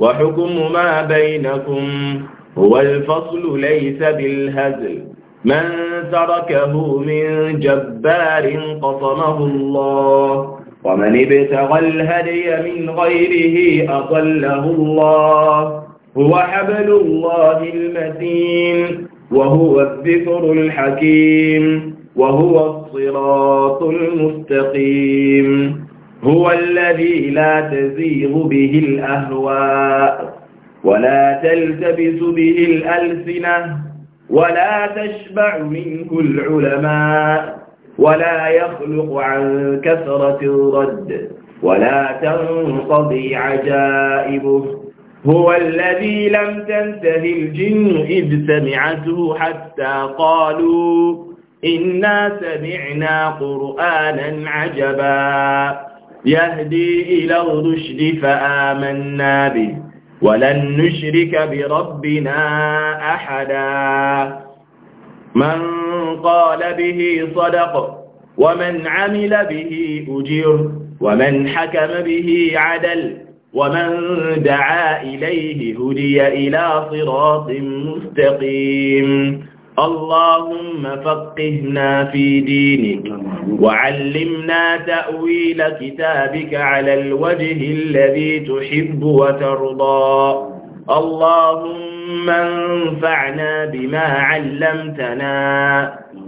وحكم ما بينكم هو الفصل ليس بالهزل من تركه من جبار قصمه الله ومن ابتغى الهدي من غيره أضله الله هو حبل الله المتين وهو الذكر الحكيم وهو الصراط المستقيم هو الذي لا تزيغ به الأهواء ولا تلتبس به الألسنة ولا تشبع منه العلماء ولا يخلق عن كثرة الرد ولا تنقضي عجائبه هو الذي لم تنتهي الجن إذ سمعته حتى قالوا إنا سمعنا قرآنا عجبا يهدي إلى الرشد فآمنا به ولن نشرك بربنا أحدا من قال به صدق ومن عمل به أجر ومن حكم به عدل ومن دعا إليه هدي إلى صراط مستقيم اللهم فقهنا في دينك وعلمنا تأويل كتابك على الوجه الذي تحب وترضى اللهم انفعنا بما علمتنا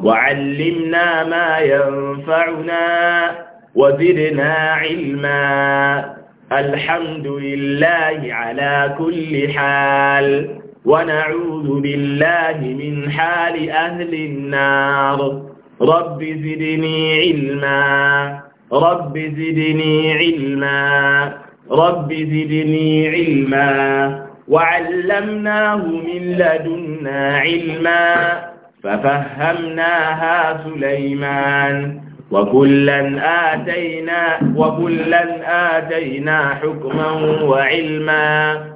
وعلمنا ما ينفعنا وزدنا علما الحمد لله على كل حال ونعوذ بالله من حال أهل النار رب زدني علما رب زدني علما رب زدني علما وعلمناه من لدنا علما ففهمناها سليمان وكلا آتينا وكلا آتينا حكما وعلما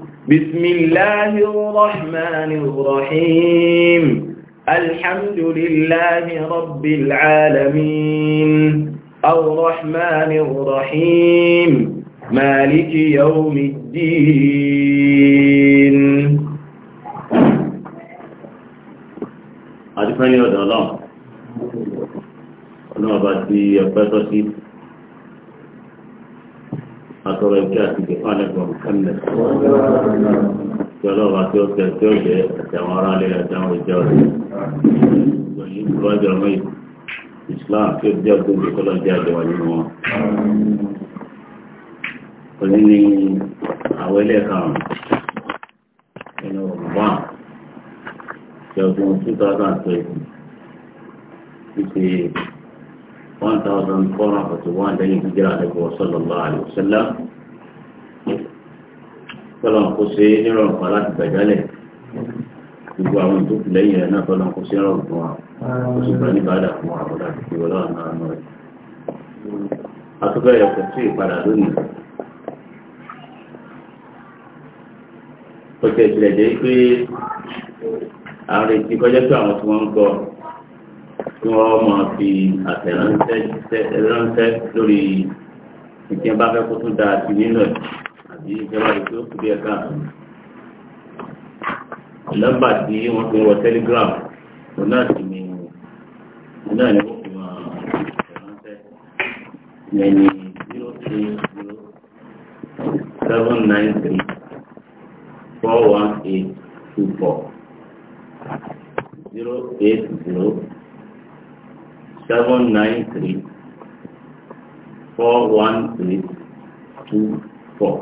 بسم الله الرحمن الرحيم الحمد لله رب العالمين الرحمن الرحيم مالك يوم الدين أدفن يا دولار أنا bá ti àtọ̀rọ̀ ìfẹ́ àti ìgbẹ̀fà lẹ́gbọ̀n kánlẹ̀. Ìjọ ọlọ́run àti ọ̀sẹ̀ tí ó jẹ́ àti àwọn ará ilé àti àwọn ìjọ rẹ̀. Ìgbọ̀nyí kúrò àjọ ọmọ ìsìláà tí ó jẹ́ ọdún ìkọlọ́ jẹ́ àjọ nínú wọn. Òní ni àwọn ilé karùn-ún nínú Rọ̀mọ̀bá ti ọdún 2020 ti ṣe one thousand four hundred forty one lẹ́yìn hijira àdẹ́gbọ́ sallallahu alaihi wasallam tọ́lọ̀ kó ṣe nírọ̀rùn pa láti gbàjálẹ̀ gbogbo àwọn ìdókù lẹ́yìn rẹ̀ náà tọ́lọ̀ kó ṣe rọrùn fún wa kó sì gbà ní bàdà fún wa ọ̀dà àti ìwọlọ́ àná àná rẹ̀. àtúbẹ̀rẹ̀ kò sí ìpadà lónìí. ó tẹ̀sílẹ̀ jẹ́ pé àwọn ètí kọjá pé àwọn tí wọ́n ń gbọ́ kí wọ́n máa fi àtẹ̀ránṣẹ́ lórí ìkẹ́ bá fẹ́ kó tún dáa sí nílẹ̀ àbí ìjọba ìpín òkú bí ẹ̀ka nọ́mbà tí wọ́n fi wọ telegram òun náà sì ni òun náà ni wọ́n fi máa àtẹ̀ránṣẹ́ yẹn zero three zero seven nine three four one eight two four zero eight zero seven nine three four one three two four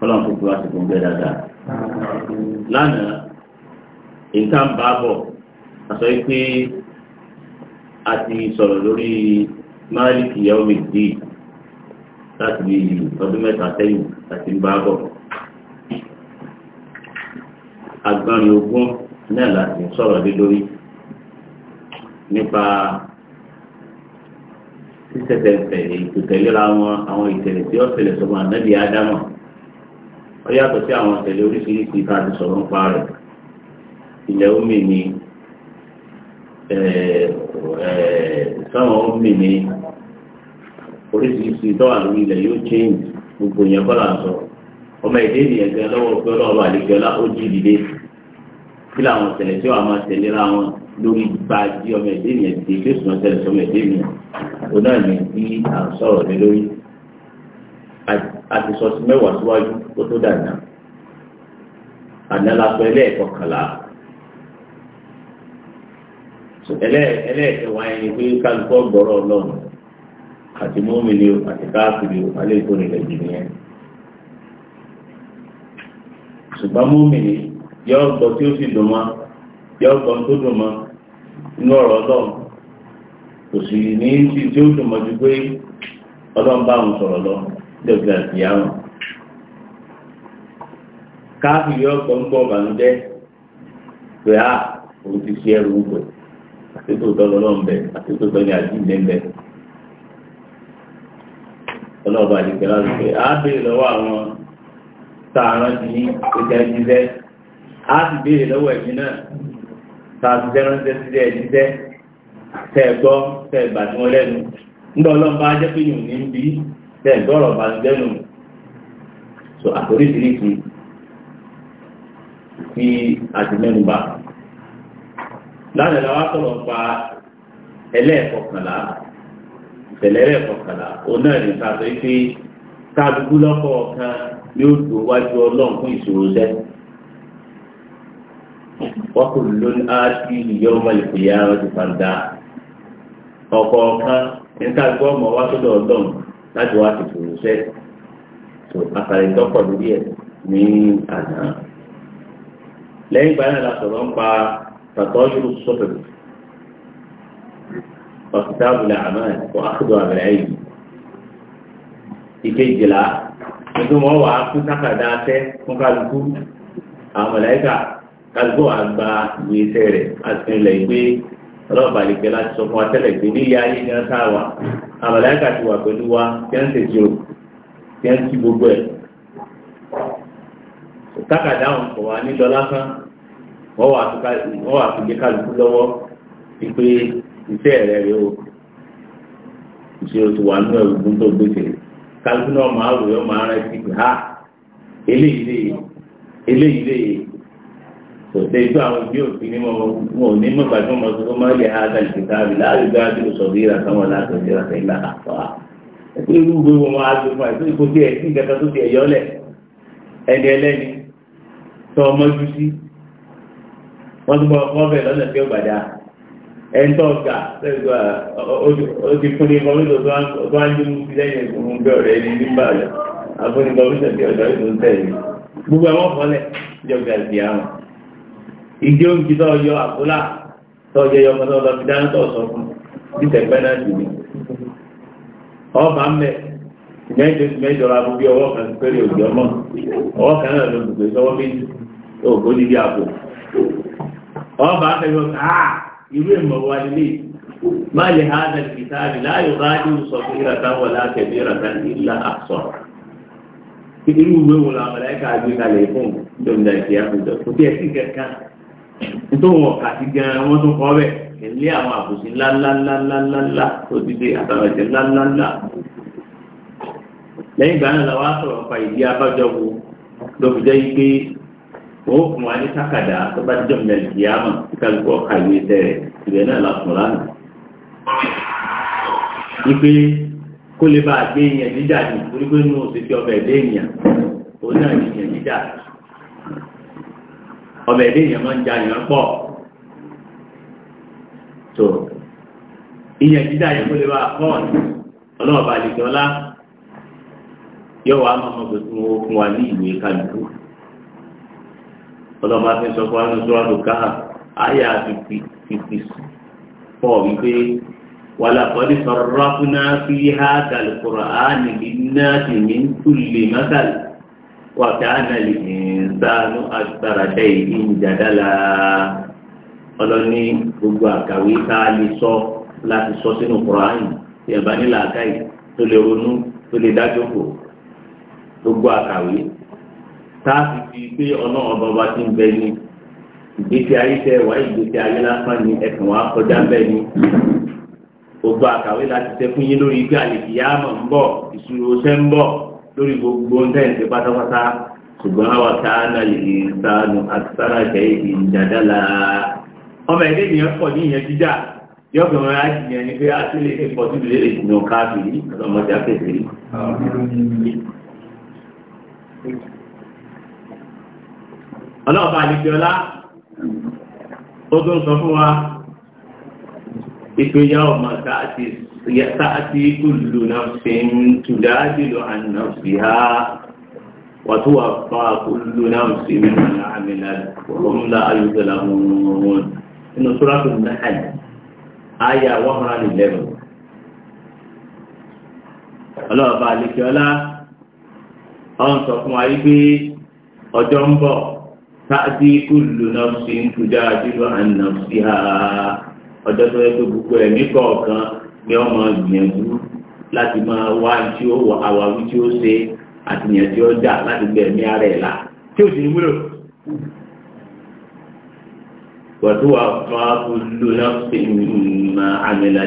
kọ́lọ́n tó gbé wá sí gbogbo ẹ̀ dáadáa. lánàá nǹkan bá bọ̀ àsọ pé a ti sọ̀rọ̀ lórí máàlìkì yaomidi láti bí ọdún mẹ́ta sẹ́yìn àti ń bá bọ̀. agbọ́nrin ogún náà láti sọ̀rọ̀ lé lórí nípa sísẹsẹsẹ ètò tẹ̀léra wọn àwọn ìtẹ̀lẹ̀ tí ó tẹ̀lẹ̀ sọmọ ànábì ádámọ̀ ó yàtọ̀ sí àwọn ìtẹ̀lẹ̀ oríṣiríṣi ká ti sọ̀rọ̀ nípa rẹ̀ ilẹ̀ omi ni sọ́wọ́n omi ni oríṣiríṣi dọ́wà lórí ilẹ̀ yóò change gbogbo yẹn kọ́ là ń sọ ọmọ ìdí ènìyàn gan lọ́wọ́ pé ọlọ́ọ̀bà àlejò ọlá ó jí dìde kí làwọn ìtẹ̀lẹ̀ tí wàá máa tẹ̀léra wọn lórí gba di ọmọ ẹ̀dẹ́ yẹn di ilé ìsúná tẹ̀lé sọmọ ẹ̀dẹ́ yẹn o náà ní bí à ń sọ̀rọ̀ lé lórí àti sọ́sí mẹ́wàá síwájú kó tó dànù àná la sọ ẹlẹ́ẹ̀kọkànlá ẹlẹ́ẹ̀kẹwàá yẹn pé kálukọ́ gbọ́rọ̀ ọlọ́run àti mọ́mìnì o àti káàkiri o alẹ́ ìkó nílẹ̀ jù nìyẹn ṣùgbọ́n mọ́mìnì yọ ọgbọ́n tí ó sì dùn mọ́ yọ ọgbọ́n tó dùn mọ́. inú ọ̀rọ̀ ọlọ́run kò sì ní sí tí ó dùn mọ́jú pé ọlọ́run bá òun sọ̀rọ̀ lọ àti káàkiri ọ̀pọ̀ ń gbọ́ ọ̀bànújẹ́ pé a òun ti ṣe ẹrù ọlọ́ọ̀bà àdìgbẹ́ láti a béèrè lọ́wọ́ àwọn ní a sì béèrè lọ́wọ́ ẹ̀mí náà tàbíṣẹ́ ránṣẹ́ sílẹ̀ ẹ̀jíṣẹ́ tẹ̀gbọ́ tẹ̀gbà tí wọ́n lẹ́nu ńgbà ọlọ́mbà jẹ́ pé yìí ní bí bá ti lẹ́nu so àforíṣiríṣi tí a ti mẹ́nu bá lánàá la wá sọ̀rọ̀ pa ẹlẹ́ẹ̀kọkànlá ìṣẹ̀lẹ̀ ẹlẹ́ẹ̀kọkànlá òun náà wọ́kùnrin áàtì ìyọ́mọ ìpìyà ọdún fàdá ọ̀kọ̀ọ̀kan níta gbọ́ ọmọ wá sódò ọdún láti wá tètè rúṣẹ́ tó àkàrẹ̀ tọ́pọ̀ lórí ẹ̀ ní àná. lẹ́yìn ìgbà náà la sọ̀rọ̀ ń pa tàtọ́ yóò sọ̀tọ̀ ọ̀sítà àbúlé àmọ́ ẹ̀ kó àkùdọ̀ àbẹ̀rẹ̀ ẹ̀yìn. ìkejìlá nítorí wọn wà á fún sákàdá sẹ́ fún àwọn mọ̀lẹ́kà kágbó àgbà ìwé iṣẹ́ rẹ̀ àti ilẹ̀ ìwé ọlọ́ọ̀bà àlejò láti sọ fún wa pé ní ilé ayé ni wọ́n sá wa àmàlẹ́kà ti wà pẹ̀lú wa kí wọ́n ṣèjì o kí wọ́n ti gbogbo ẹ̀. kákàdá òun kò wá nílọ lásán wọ́n wà fi gbé kálukú lọ́wọ́ wípé iṣẹ́ rẹ̀ rẹ̀ o ṣe o ti wà nínú ẹ̀rù gbọ́n tó gbèsè kálukú náà máa rò yọ máa rẹ̀ sí pé ha eléyìí lè eléyìí lè kò sí ikú àwọn bí òfin ní wọn ò ní mọ̀gbà tí wọ́n mọ̀ sọ́kọ́ máa lè ha àgbàlì kíkà àbí láàrin gbára tí kò sọ bí ìrà sáwọn láti ọjọ́ ìrà sẹ́yìn lára àtọ́ a. ẹ̀kú irú gbé wọn wá gbé fún àìsí ipò tí ẹ̀ sí ìkẹta tó ti ẹ̀yọ́ lẹ̀ ẹni ẹlẹ́ni tó ọmọ jù sí. wọ́n tún bọ́ ọkọ ọbẹ̀ lọ́nà tí ó gbàdá ẹni tó ọ̀gá ó ti ìjẹ́ oúnjẹ tó yọ àbúlà tó yẹ yọ ọmọdé ọlọ́fi dáná tó sọ fún bí tẹ̀gbẹ́ náà sì ni ọba mẹ́ mẹ́jọ mẹ́jọ ra bí ọwọ́ kan péré òjò ọmọ ọwọ́ kan náà ló gbogbo ìṣọwọ́ méjì ògbó níbi àpò ọba fẹ́yọ káà irú ìmọ̀ wa nílé máa lè ha dà kìtàbí láyò bá dì sọ fún ìràtà wà lákẹ̀bí ìràtà ìlà àṣọ irú ìwé wo làwọn àgbékalẹ̀ fún ìjọba ìjìyà fún ìjọba kò tí ẹ̀ sí kẹ̀kẹ́ nítorí wọn kà sí gan wọn tún kọ́ bẹ̀ ilé àwọn àbòsí ńláńláńláńláńlá tó dìde àtàwẹ̀jẹ̀ ńláńláńlá lẹ́yìn ìgbà náà làwọn sọ̀rọ̀ pa ìdí abájọ wo ló fi jẹ́ pé wọ́n fún wa ní sákàdá tó bá jọ̀ ní ẹ̀jẹ̀ àmọ̀ tí kálukú ọ̀ka ìwé tẹ̀rẹ̀ ìbẹ̀ náà la sùn lánàá. ipe kó lè bá a gbé yẹn jíjà ní torí pé nínú òṣèlú ọbẹ̀ dé ènìyàn òun náà ní yẹn jíjà ọbẹ̀ èdè èèyàn máa ń ja èèyàn pọ̀ tó ìyẹn dídá yẹn kó lè wá pọ́ọ̀lù ọlọ́ọ̀bà àdìgbọ́lá yóò wá máa mọ̀ pé kí wọ́n fún wa ní ìwé kálukú ọlọ́ọ̀bà fi sọ fún wa ní sọ́ọ́nù káà áyà fífi pọ̀ wípé wàlàkọ́dí sọ̀rọ̀ fúnà fi hà kàlùkùrọ̀ á nìlí náà sì ní kùlì mọ́tàlì. وكان الإنسان أكثر شيء جدلا ọlọ́ni gbogbo àkàwé tá a lè sọ láti sọ sínú kùránì tí ẹ̀ bá nílà àkáì tó lè ronú tó lè dájókòó gbogbo àkàwé tá a fi fi pé ọ̀nà ọba ọba ti ń bẹ ní ìgbésí ayé tẹ wáyé ìgbésí ayé lásán ni ẹ̀sìn wa kọjá bẹ́ẹ̀ ni gbogbo àkàwé láti tẹ fún yín lórí ibi àlè kìyàmọ̀ ń bọ̀ ìṣirò ṣẹ́ ń bọ̀ lórí gbogbo ń tẹ̀sí pátápátá ṣùgbọ́n àwa ká náà lè sànù àtisára jẹ́ ìdí ìjàdálà ọmọ ẹ̀dẹ́ ni ẹ pọ̀ ní ìyẹn jíjà yóò fi wọn láti yẹn ni pé a ti lè ṣe pọ̀ sí ìdílé ìdùnnú káàkiri ọmọdé akẹ́kẹ́ ọlọ́ọ̀bá àdìsíọlá ó tún sọ fún wa ìpéyà ọmọ ká àti تأتي كل نفس تجادل عن نفسها وتوفى كل نفس ما عملت وهم لا يظلمون إن سورة النحل آية 111 ọlọ́ọ̀bá àlekíọ́lá ọ̀n sọ fún wa yí pé ọjọ́ ń bọ̀ sáàdì kùlù nafsin tujadilu an nafsiha ọjọ́ tó yẹ gbogbo ẹ̀mí kọ̀ọ̀kan pé ọmọ gbìyànjú láti máa wá tí ó wọ àwáwí tí ó ṣe àtìyàn tí ó dà láti gbẹ̀mí ara ẹ̀ là tí ò sì ní wúlò. wàtúwà fáfúlù láti máa àmìlà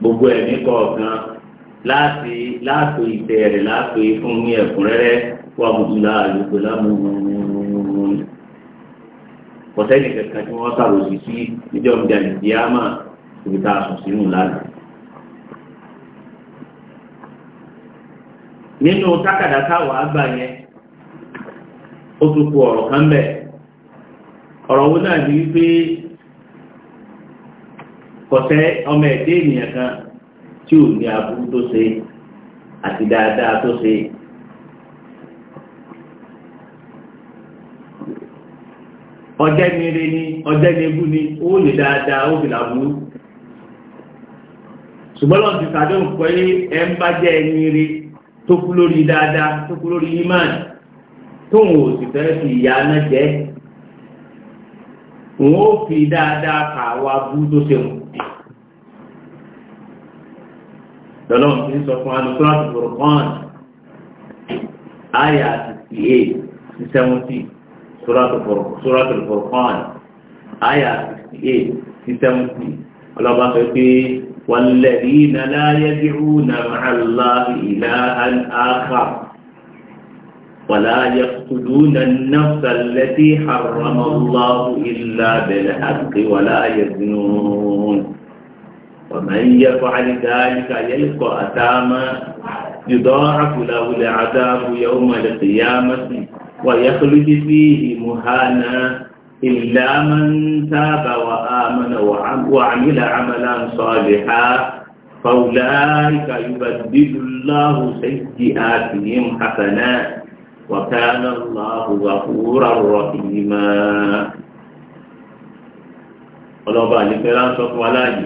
gbogbo ẹ̀mí kọ̀ọ̀kan láti láàpò ìtẹ̀ rẹ̀ láàpò fún ní ẹ̀kúnrẹ́rẹ́ wà mùsùlá àlùkò lámùmùmùmùmù ibi tá a sùn sínú lánàá. nínú tákàdá táwọn àgbà yẹn ó tún ọ̀rọ̀ kan bẹ̀ ọ̀rọ̀ wo náà di wípé kọ̀tẹ́ ọmọ ẹ̀dẹ́ ènìyàn kan tí ò ní aburú tó ṣe àti dáadáa tó ṣe. ọjẹ́ ni ọjẹ́ ni ó lè dáadáa ó fi làbúrú. ṣùgbọ́n lọ́n ti sàdé òpó yé ẹ ń bá jẹ́ ẹni rí tó kú lórí dáadáa tó kú lórí imán tóun ò sì fẹ́ fi ìyá náà jẹ́ òun ó fi dáadáa kà wá bú tó ṣe wù. lọ́lọ́run ti ń sọ fún alùpùpù àti burúkán àyà sixty eight sí seventy sóràtò burúkán àyà sixty eight sí seventy ọlọ́ba sọ pé. والذين لا يدعون مع الله إلها آخر ولا يقتلون النفس التي حرم الله إلا بالحق ولا يزنون ومن يفعل ذلك يلقى أثاما يضاعف له العذاب يوم القيامة ويخلد فيه مهانا إلا من تاب وآمن آمن وعمل عملا صالحا فأولئك يبدل الله سيئاتهم حسنات وكان الله غفورا رحيما ọlọ́ba àlefẹ́ láńsọ fún aláàyè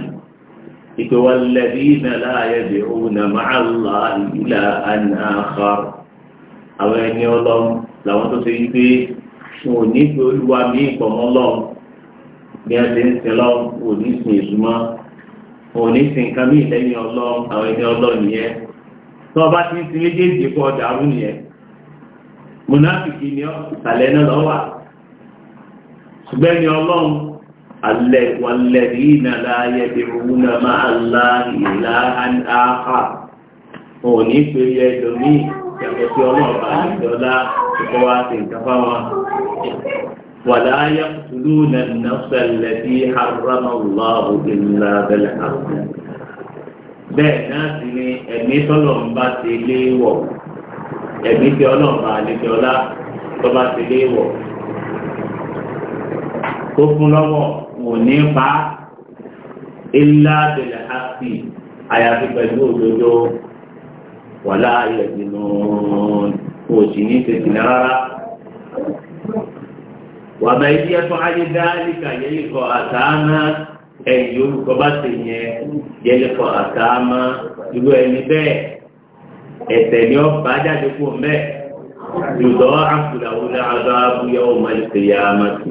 ìpè wọn lẹ́bí ìnàlá ayẹ̀dẹ̀ òun nà máa là ìlà ànáàkà àwọn ẹni ọlọ́run làwọn tó ṣe yí pé wọn ò ní pé olúwa mi ìpọ̀mọ́ ọlọ́run bí a ti ń sin lọ òní sin ìsúmọ́ òní sin nǹkan bí ìlẹ́yìn ọlọ́run àwọn ẹni ọlọ́run nìyẹn tó ọba ti ń sin méjèèjì kọ ọjà arú nìyẹn mùnáfìkì ni ọ ìsàlẹ̀ náà lọ wà ṣùgbẹ́ ni ọlọ́run alẹ́ wàlẹ́ rí ìnàlá ayẹyẹ òun náà máa la ìlà àhà òní pé ẹlòmíì yàtọ̀ sí ọlọ́ọ̀bá ìjọba ìkọ́wá sí nǹkan fáwọn. ولا يقتلون النفس التي حرم الله إلا بالحق bẹ́ẹ̀ náà sì ni ẹ̀mí tọ́lọ́mbà ti lé wọ̀ ẹ̀mí tí ọlọ́mbà àlejò ọlá tọ́ba ti lé wọ̀ tó fún lọ́wọ́ wò ní pa ilá bẹ̀rẹ̀ àyàfi pẹ̀lú òdodo wàlá ayẹ̀dínú òsì ní tètè rárá wàbẹ̀yẹ tó ayé dáríkà yẹ́lẹ́kọ̀ àtàmà ẹ̀yìn olùkọ́ bá ti yẹn yẹ́lẹ́kọ̀ àtàmà irú ẹni bẹ́ẹ̀ ẹ̀tẹ̀ ni ó bá jáde fún mẹ́ lùdọ́ àfùdàwùdà àgbàbù yẹ́wò mọ́lẹ́sẹ̀ yàmà tù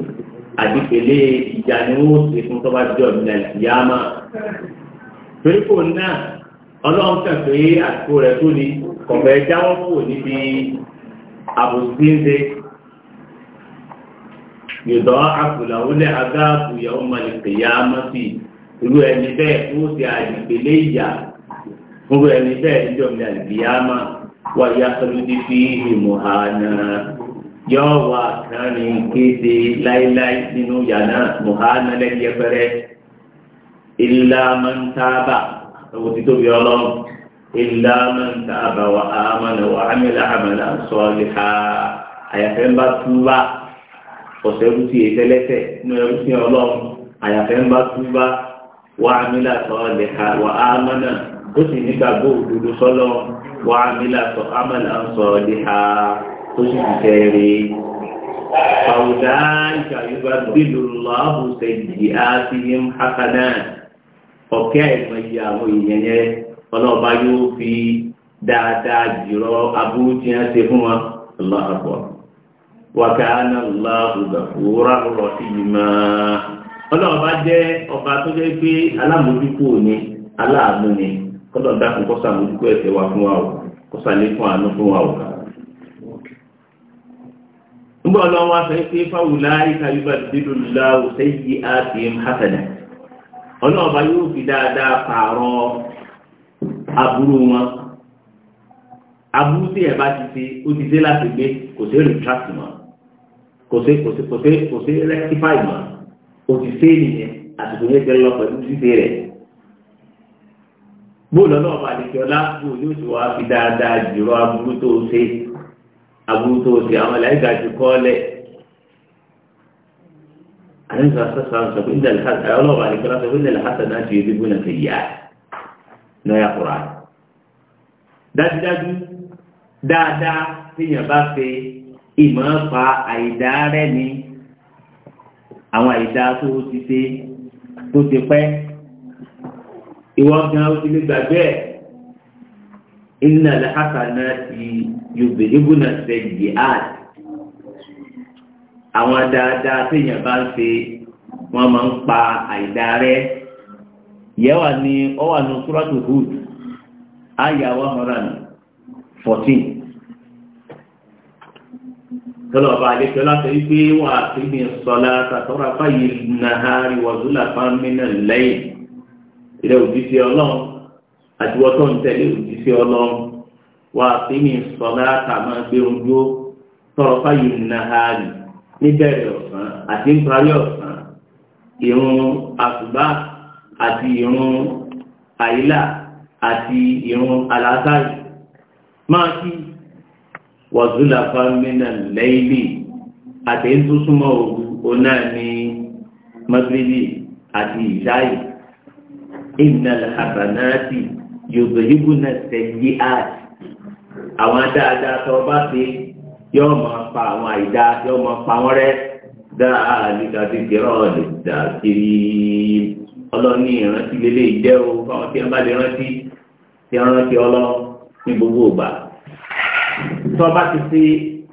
àdìpẹ̀lẹ́ ìjà ni ó ṣe fún tọ́ba jọ ìgbà yàmà torí kò náà ọlọ́run kàn pé àtúkò rẹ̀ tó ni kọ̀fẹ́ jáwọ́ kò níbi àbòsí ń ṣe yòdọ̀ àkùlàwó lẹ́ agáàbù yàwó malìkè yá mọ́sí irú ẹni bẹ́ẹ̀ fún ti àdìgbélé ìyà irú ẹni bẹ́ẹ̀ níjọ́ mi àdìgbéyàmá wà yá sọ́lódì fi ìmọ̀ àná yọ wà kánì kéde láíláí nínú yàrá mọ̀hánà lẹ́yìn ẹgbẹ́rẹ́ ilá mọ́ntàbà àwọn ti tóbi ọlọ́run ilá mọ́ntàbà wà ámàlà wà ámìlà àmàlà sọ́ọ̀lì ha àyàfẹ́ ń bá túbà. ọ̀sẹ̀ ẹrú sí ètẹ́lẹ́tẹ̀ nínú ẹrú sí ọlọ́run àyàfẹ́ ń bá túbá wà á mílà sọ lẹ́ka wà á mọ́nà ó sì nígbàgbọ́ òdodo sọ́lọ́ wà á mílà sọ ámàlà ń sọ lẹ́ka tó sì ti tẹ̀rẹ̀. Fàwùdá Ọ̀kẹ́ fi dáadáa jùlọ abúrú tí wọ́n wàkàánà Allahu ghafuran rahima ọlọ́ọ̀bá jẹ́ ọba tó jẹ́ pé ọba ni aláàánú ni kọ́lọ̀ dákun kọ́ sàmójúkú ẹ̀ṣẹ̀ wa fún wa o kọ́ sàlékún àánú fún wa o. nígbà ọlọ́wọ́ aṣọ fáwùlá ọlọ́ọ̀bá yóò fi dáadáa pààrọ̀ wọn tí ẹ̀ bá ti ṣe ó ti láti gbé kò sí kò sí kò sí kò sí kò sí rectify mọ́ o ti sé nìyẹn àsìkò yẹn ti lọ pẹ̀lú ṣíṣe rẹ̀ bóòlù ọlọ́ọ̀bà àdìsí ọlá bóòlù yóò ti wá fi dáadáa jùlọ aburú tó o ṣe aburú tó o ṣe àwọn ẹlẹ́gà ju kọ́ lẹ̀ àdìsí ọ̀sán sọ̀rọ̀ sọ̀rọ̀ ìdílé ọlọ́ọ̀bà àdìsí ọlá sọ̀rọ̀ ìdílé hasan náà ti yẹ dúgbò náà ti yá lọ́yà kura dájúdájú dáadáa téèyàn bá ṣe ìmọ̀ fa àìdá rẹ̀ ni àwọn àìdá tó ti ṣe tó ti pẹ́ ìwọ gan ó ti lè gbàgbé ẹ̀ iná lẹ́hàtàná ti yorùbá ìbùnà sẹ́yìí àt àwọn dáadáa téèyàn bá ń ṣe wọ́n máa ń pa àìdá rẹ̀ yẹ́wà ni ọ̀wà ní súrọ́tù Hud ayáwá mọ́ràn fourteen tọ́lọ̀ ọba àlejò láti rí pé wà á ti ní sọlá tàtọ́ra fáyé nàhárí wàzúlà fámínà lẹ́yìn ilé òjíṣẹ́ ọlọ́run àti wọ́tọ́ ń tẹ̀lé òjíṣẹ́ ọlọ́run wà á ti ní sọlá tàmá gbé ojú tọ́rọ fáyé nàhárí níbẹ̀rẹ̀ ọ̀sán àti níparí ọ̀sán ìrun àsùbá àti ìrun àyílà àti ìrun àlásárì máa kí wàzúlà fámínà lẹ́yìnlì àtẹ̀yìn tó súnmọ́ òru ọ̀nà ní mọ́gíríbì àti ìṣáì innal hasanati yudhibuna sayyi'at àwọn dáadáa tó bá ṣe yóò máa pa àwọn àìdá yóò máa pa wọ́n rẹ́ dáa nígbà tí kìrọ̀ lè dà kiri ọlọ́ní ìrántí lélẹ́yìí jẹ́ o fáwọn tí wọ́n bá lè rántí tí wọ́n rántí ọlọ́ ní gbogbo ìgbà tó bá ti ṣe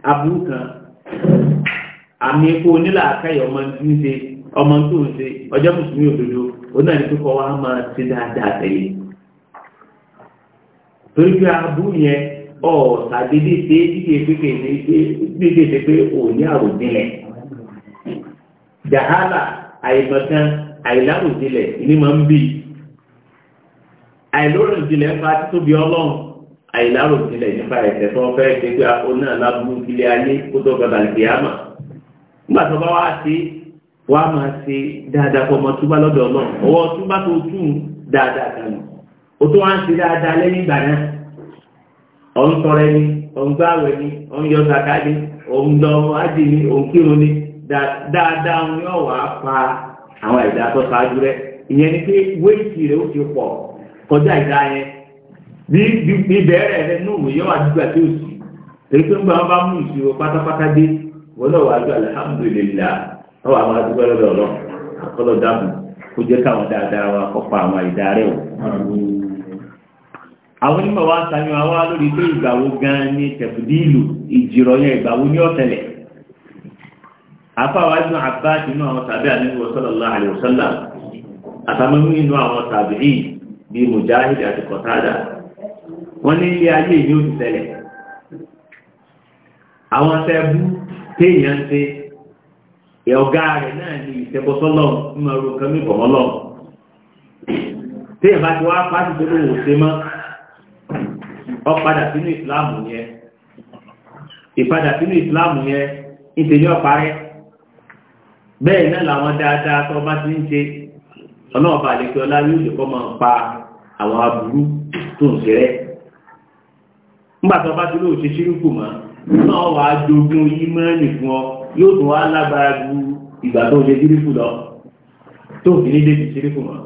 aburú kan àmì epo onílà akáyọ̀ ọmọ ń ṣe ọmọ tó ń ṣe ọjọ́ mùsùlùmí òdodo oní àti kíkọ́ wa máa ṣe dáadáa tẹ̀lé torí pé aburú yẹn ọ̀ tàdédé ṣe dídé pé kéde dídé ṣe pé òní àròjinlẹ̀ jàhálà àìmọ̀kan àìláròjinlẹ̀ ní máa ń bì àìlóròjinlẹ̀ ń fa títóbi ọlọ́run. àìlárò tilẹ̀ nípa ẹ̀sẹ̀ tó fẹ́ ṣe pé oná lábúrú kílé ayé kó tó gbọdọ̀ nígbà tó bá wá sí wá máa ṣe dáadáa fọmọ túbá lọ́dọ̀ náà ọwọ́ túbá tó dáadáa náà ẹni ni yọ pa àwọn ìdá tó rẹ ìyẹn ni pé wéèkì rẹ ó ti bí bí bẹ̀rẹ̀ rẹ ní òwe yóò wá dúgbà tí ó sì èyí tó ń gbà wọn bá mú ìṣòro pátápátá dé wọn náà wàá ju alihamudulilayi wọn wàá máa dúpẹ́ lọ́dọ̀ ọlọ́ àkọlọ dàbò kó jẹ́ káwọn dáadáa wa kọ́pa àwọn ìdarẹ́ o. àwọn onímọ̀ wa ń sanni wa wá lórí pé ìgbàwo gan-an tẹ̀fùdíìlù ìjìrọ̀ yẹn ìgbàwo ní ọ̀tẹ̀lẹ̀. afáwa ibùn wọ́n ní ilé ayé yóò ti tẹ̀lẹ̀ àwọn tẹ́bú téèyàn ṣe ọ̀gá rẹ̀ náà ní ìṣẹ́bọ́sọ́lọ́ nínú ọrọ̀ kan ní ìfọ̀mọ́lọ́ téèyàn bá ti wá pàṣẹ tó lówó ṣe mọ́ ọ padà sínú ìsìláàmù yẹn ìpadà sínú ìsìláàmù yẹn ìtẹ̀yìn ọ̀parẹ́ bẹ́ẹ̀ náà làwọn dáadáa tó bá ti ń ṣe ọlọ́ọ̀bà àlekẹ́ ọlá yóò lè kọ́ máa pa àwọn aburú tó ń ṣe rẹ́ nígbàtí ọba tí lóò ṣe ṣírùkù mọ́ náà wàá jogún ìmọ̀ọ́nì fún ọ yóò tún wá lágbára ju ìgbà tó ṣe ṣírùkù lọ tó fi ní débi ṣírùkù mọ́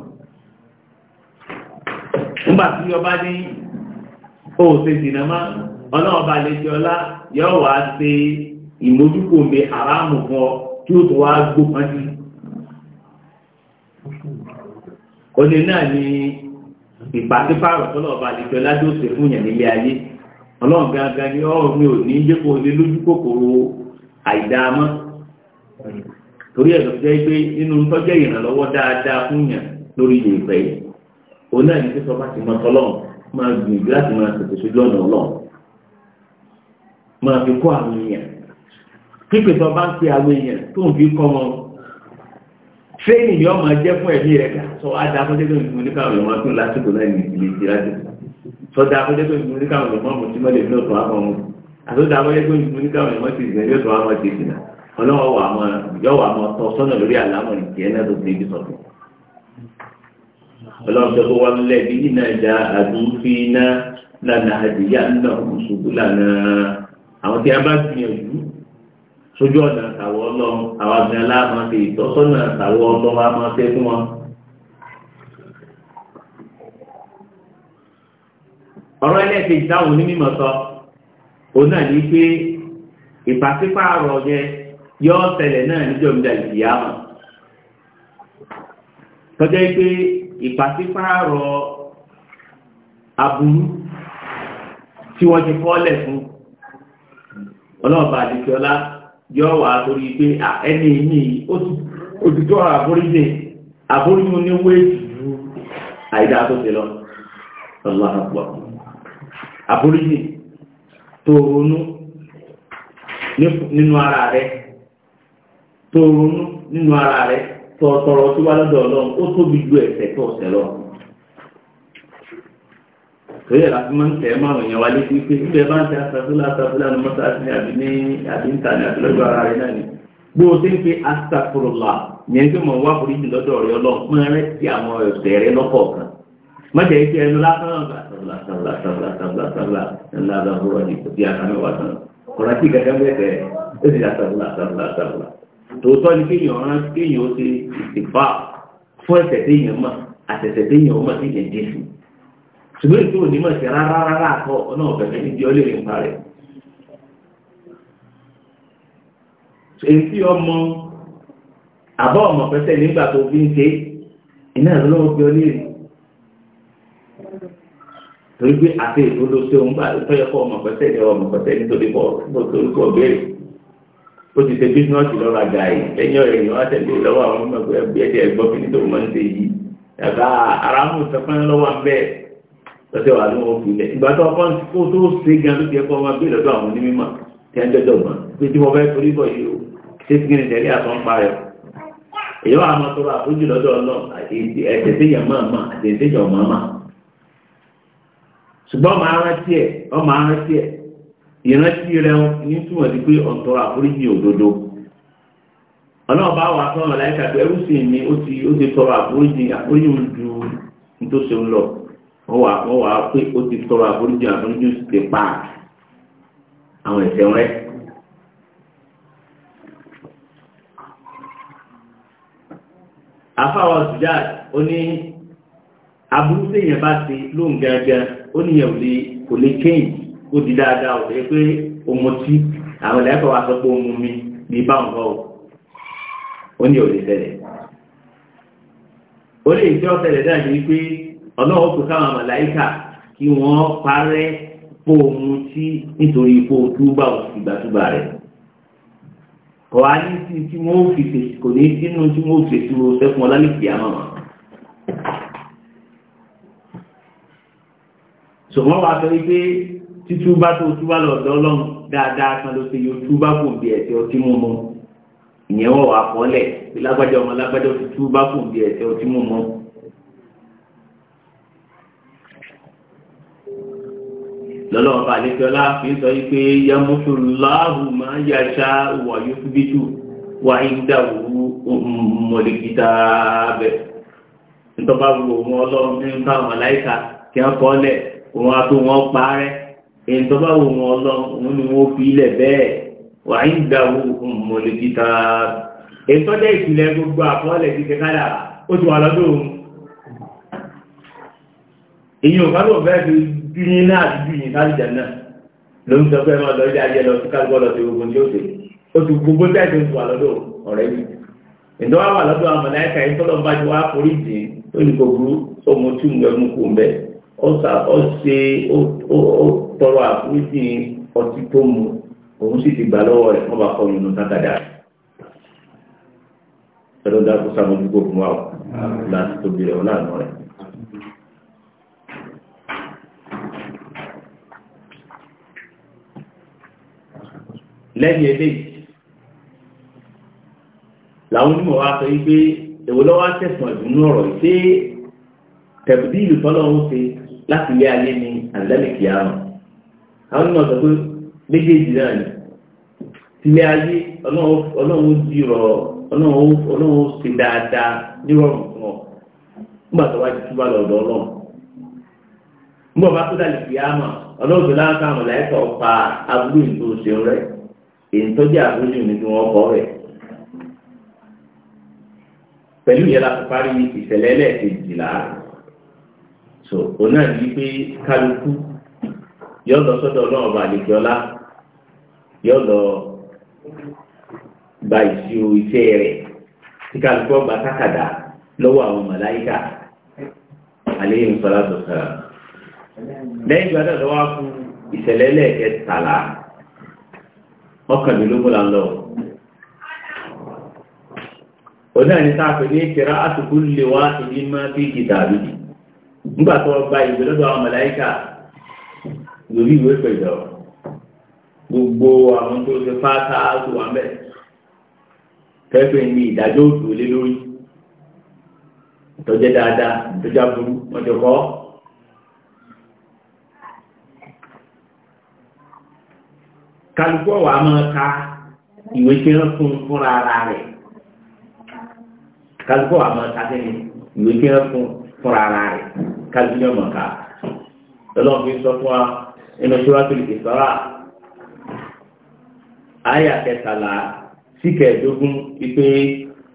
nígbàtí ọba ní ó ṣe dìnnà mọ́ ọlọ́ọ̀ba lè ṣe ọlá yóò wá ṣe ìmójúkò mi àrámù fún ọ tí ó tún wá gbókan sí òní náà ni ìpàtípààrọ̀ tọ́lọ̀ ọba àlejò ọlá tó ṣe fún yẹn nílé ayé ọlọ́run gangan ni ọ̀rọ̀ mi ò ní jẹ́ kó lè lójú kòkòrò àìdáamọ́ torí jẹ́ pé nínú tọ́jú ìrànlọ́wọ́ dáadáa fún yàn lórí ìgbẹ́ yìí o náà ní sísọ bá mọ máa gbìyànjú láti máa tètè sójú ọ̀nà ọlọ́run máa fi kọ́ àwọn èèyàn pípẹ́ tó bá ń pe àwọn èèyàn tó ń fi kọ́ wọn máa jẹ́ fún ẹ̀mí sọ adá fún sọdá abọ́lẹ́gbẹ́ ìfún ní káwọn ọmọ ọmọ tí mọ́lẹ̀ náà tó àwọn ọmọ àtọ́dá abọ́lẹ́gbẹ́ ìfún ní káwọn ọmọ tí ìgbẹ́ yóò tó àwọn ti sìnà ọlọ́wọ́ wà mọ́ yọ̀wọ́ àmọ́ tọ́ sọ́nà lórí àlámọ̀ ìjẹ́ náà tó ti ibi sọ̀tún. ọlọ́run tó wá lẹ̀ bí iná ìjà àdúfin náà lànà àdìyá náà ṣubú lànà àwọn tí a bá gbìyànjú sójú ọ̀nà àtàwọn ọlọ́run ọ̀rọ̀ ẹlẹ́ẹ̀kejì táwọn onímọ̀ sọ òun náà ní pé ìpàsípààrọ̀ yẹn yọ ọ̀sẹ̀lẹ̀ náà níjọ́ ìjà ìdíyàmọ̀ tọ́jọ́ pé ìpàsípààrọ̀ aburú tí wọ́n ti fọ́lẹ̀ fún ọlọ́ọ̀bà àdìsọ́lá yọ wà torí pé ẹni yìí òtútù àforíjì àforíjì oníwèé ju àìdá tó ti lọ. Allah akbar àforíjì tó ronú nínú ara rẹ̀ tó ronú nínú ara rẹ̀ tọ̀tọ̀rọ̀ tó wá lọ́dọ̀ ọlọ́run ó tóbi ju ẹ̀ṣẹ̀ tó ọ̀sẹ̀ lọ. torí ẹ̀la fi máa ń tẹ̀ márùn yẹn wálé sí pé bíbẹ̀ bá ń tẹ asàfúlà asàfúlà ní mọ́sáàsì àbí ní àbí ń tà ní àbí lọ́dọ̀ ara rẹ̀ náà ni bó o ti ń pe asàfúrùlà yẹn tó mọ̀ wá foríjì lọ́dọ̀ rẹ̀ ọlọ́run máa rẹ́ sí àwọn ẹ̀ṣẹ̀ rẹ̀ lọ́kọ̀ọ̀kan mọ́jẹ̀ ikú ẹnu lásán lásánlásánlásánlásánlá ńlá àbúrò ní kò sí àtàmẹ́wàá tán kọ̀rọ̀ sí gẹ́gẹ́ bẹ́ẹ̀ ó sì ni kéèyàn rán kéèyàn ó ṣe ìfà fún ẹ̀ṣẹ̀ téèyàn mọ̀ àtẹ̀ṣẹ̀ téèyàn ó mọ̀ téèyàn dé sí ṣùgbọ́n ètò onímọ̀ sí rárá rárá àtọ̀ ọ̀nà ọ̀bẹ̀rẹ̀ níbi ọlẹ́ rẹ̀ ń parẹ́ èyí tí ọmọ àbọ̀ ọmọ pẹ́sẹ̀ nígbà tó fi ń ṣe iná ìrọlọ́wọ́ bí ọlẹ́ rẹ̀ torí pé àti ìgbódò tí òun bá tó yẹ kọ́ ọmọkọ̀tẹ́ ní ọmọkọ̀tẹ́ nítorí pọ̀ nítorí pọ̀ béèrè ó ti ṣe bísíǹsì lọ́ra gà yìí lẹ́yìn ọ̀rẹ́ yìí na lọ́wọ́ àwọn ọmọ ẹgbẹ́ fi nítorí ṣe ara mú lọ́wọ́ bẹ́ẹ̀ lọ́sẹ̀ wà lẹ̀ ìgbà tó tó ṣe gan ló ti ẹ̀kọ́ bí lọ́dọ̀ àwọn onímọ̀ a ń ṣùgbọ́n ọmọ ara tiẹ̀ ọmọ ara tiẹ̀ ìrántí rẹ̀ ní túmọ̀ sí pé ọ̀tọ̀ àforíjì òdodo ọlọ́run bá wà pé ẹrú sì ni ó ti ó ti tọrọ àforíjì àforíjì nítòsí ń lọ wọ́n wà wọ́n wà pé ó ti tọrọ àforíjì àforíjì ti ó ní ìyẹ̀wò lè kò lè ó di dáadáa ò lè pé omo tí àwọn ẹ̀lẹ́kọ̀ wa sọ pé omo mi ní ole lọ́wọ́ ó ní ìyẹ̀wò lè ó lè ṣe ọ̀sẹ̀lẹ̀ náà ní pé ọlọ́wọ́ kò sáwọn màláìkà kí wọ́n parẹ́ tí nítorí ipò túbà rẹ̀ á ní tí wọ́n fi fèsì kò ní sínú tí wọ́n fèsì ṣùgbọ́n wà sọ wípé títúbá tó túbá lọ́dọ̀ ọlọ́run dáadáa kan ló ṣe yóò túbá kò bí ẹ̀ṣẹ̀ ọtí mímu ìyẹn wọ̀ wá fọ́lẹ̀ pé lágbájá ọmọ lágbájá ti túbá kò bí ẹ̀ṣẹ̀ ọtí mímu. lọ́lọ́wọ́ bá lè sọlá fi sọ wípé yamusu láàbù máa ń yàṣá wà yóò wà ń dàwù mọ̀lẹ́kìtà bẹ̀. nítorí bá wù ú ọlọ́run ní kí wọ́n kọ́ òun àti wọn parẹ́ èyí tó bá wù wọn lọ òun ni wọn fi ilẹ̀ bẹ́ẹ̀ wà á ń da òun mọ̀lẹ́ kíta èyí tó jẹ́ ìpìlẹ̀ gbogbo àkọọ́lẹ̀ ti kẹ́kálà ó ti wà lọ́dọ̀ òun èyí ò ká ló fẹ́ fi bíyín náà àti bíyín ká lè jẹ náà ló ń sọ pé ẹ máa ilé ayé lọ sí kálukọ lọ sí gbogbo ní òsè ó ti gbogbo tẹ́ẹ̀tì ó ti wà lọ́dọ̀ ọ̀rẹ́ mi ìdánwà wà lọ́dọ̀ àmọ̀lẹ́kà yìí tọ́lọ́ forí jìn ó ní kò burú ó mú tún ẹmu kù ń bẹ́ẹ̀ ọ̀sà ọ̀sẹ̀ tọrọ àforíjì ọtí tó mu òun sì ti gbà lọ́wọ́ rẹ̀ wọ́n bá kọ́ nínú sákàdá ẹ̀rọ dákú sàmójúkò fún wa o láti tóbi rẹ̀ ọ̀nà àná rẹ̀. lẹ́yìn eléyìí làwọn onímọ̀ wa sọ wípé èwo lọ́wọ́ á tẹ̀sán ìdùnnú ọ̀rọ̀ yìí ṣé tẹ̀bùdí ìlú tọ́lọ́run ṣe láti ilé ayé ni àdánìkì àmà àwọn onímọ̀ sọ pé méjèèjì náà ni ilé ayé ọlọ́run dìrọ̀ ọlọ́run ṣe dáadáa nírọ̀rùn fún ọ nígbà tó wá ti túbà lọ́dọ̀ ọlọ́run nígbà bá tó dàlẹ̀ kì àmà ọlọ́run tó láǹkà àmà láìpẹ́ ọ̀pá abúlé ìlú òṣèlú rẹ̀ èyí tó jẹ́ àbúrò ní kí wọ́n kọ́ rẹ̀ pẹ̀lú ìyẹn la parí ìṣẹ̀lẹ̀ ẹlẹ́ẹ̀kejìlá rẹ̀ so ona náà ní pé kálukú yóò lọ sọ́dọ̀ náà ọba àlejòọlá yóò lọ gba ìṣirò iṣẹ́ rẹ̀ tí kálukú ọgbà kákàdá lọ́wọ́ àwọn màláyíkà àléyìn sọlá tó sara lẹ́yìn ìgbà náà lọ́wọ́ fún ìṣẹ̀lẹ̀ lẹ́ẹ̀kẹtàlá ọkànlélógún la ń lọ òun náà ní sáà pé ní kíra àtùkù lè wá ìdí máa fi jìdá nígbà tó ọgbà ìwé lọ́dọ̀ àwọn màláíkà lórí ìwé pẹ̀jọ́ gbogbo àwọn tó ṣe fáta tó wà mẹ́ kẹ́fẹ́ ní ìdájọ́ òtò lé lórí ìtọ́jẹ́ dáadáa ìtọ́já burú wọ́n jọ kọ́ kálukú ọ̀wà máa ka ìwé tí wọ́n fún fúnra ara rẹ̀ kálukú ọ̀wà máa ka sẹ́yìn ìwé tí wọ́n fún fúnra ara rẹ̀ kájúlẹ̀ mọ̀ká lọ́lọ́run fi sọ fún wa nínú Suratul Isra àyà kẹtàlá sí kẹẹ̀dógún ipe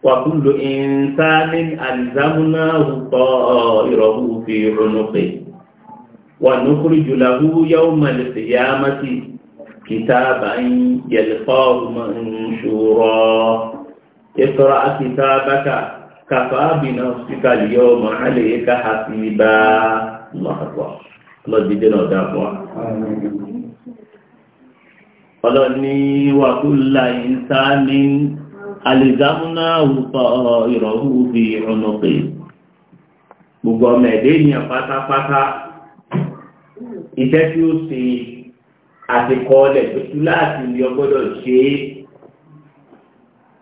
wàkúlò ìǹsáni àlìzámúná rúkọ ìrọ̀hù fi ronúpe wà nukuri jùláhù yóò mọ̀lẹ̀ sí yámátì kìtàbà ń yẹlẹ̀ fọ́ọ̀rù mọ̀ ń ṣòro ìtọ́ra kìtàbà kà kàfà bìnà hospital yọ ọmọ alẹ́ ká hafi bá lọ́pọ̀ lọ́dídé náà dá fún wa. ọlọ́ni wà tó la ìsáni alìzámúná òtọ̀ ìrọ̀rù fi ọ̀nà pé gbogbo ọmọ ẹ̀dẹ́ ènìyàn pátápátá iṣẹ́ tí ó ṣe àti kọ́ọ̀lẹ̀ tó tú láti ní ọgbọ́dọ̀ ṣe é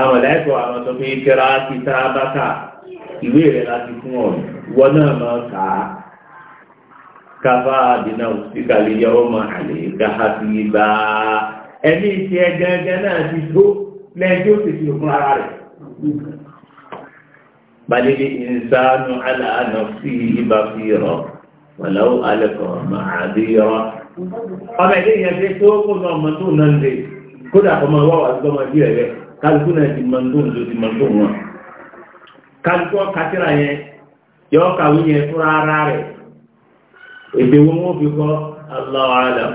àwọn ẹ̀lẹ́kọ̀ọ́ àwọn tó fi kẹra ti tá a bá kà ìwé rẹ̀ láti fún ọ wọn náà máa kà á káfá àdínà òsìkàlẹ̀ yọ ọmọ àlè káhá sí i bá ẹni ìṣe ẹgẹgẹ náà ti tó lẹ́yìn tí ó sì fi òkun ara rẹ̀. balẹ̀lẹ̀ ìsánú aláàánú sí ibà fi rọ̀ wàláwó alẹ́kọ̀ọ́ máa dé rọ̀. ọmọ ẹ̀dẹ́ yẹn ti tó kó náà mọ́tò náà lè kódà kọ́mọ wá wà lọ́mọdé rẹ̀ bẹ́ẹ̀. kálukú na ti mọ tó ń tó ti mọ tó wọn kálukú ọkàtìrà yẹn yọ kàwé yẹn fúnra ara rẹ èdè fi kọ Allahu alam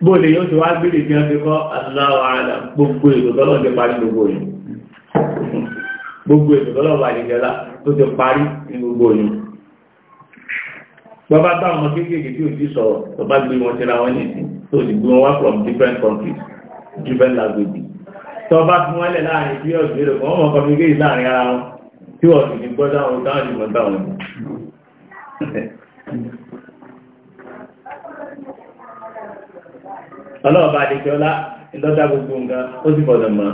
bóòlù yóò ti wá gbére tí wọn fi kọ Allahu alam gbogbo èdè tọ́lọ́ ti parí gbogbo yìí gbogbo èdè tọ́lọ́ wà nìjẹ́lá tó ti parí ní gbogbo yìí bàbá bá wọn kéékèèké tí ò ti sọ̀rọ̀ bàbá gbé wọn síra wọn nìyí tó ti gbé wọn wá from different countries different languages tọba fún wọn lẹ̀ láàrin bí ọ̀sùn èrò kan wọ́n kọmíkéjì láàrin ara wọn tí wọ́n sì ní gbọ́dá wọn táwọn ìbọn táwọn ní ọlọ́ọ̀bá adékọ́lá ìlọ́dá gbogbo nǹkan ó sì fọ́dọ̀ mọ́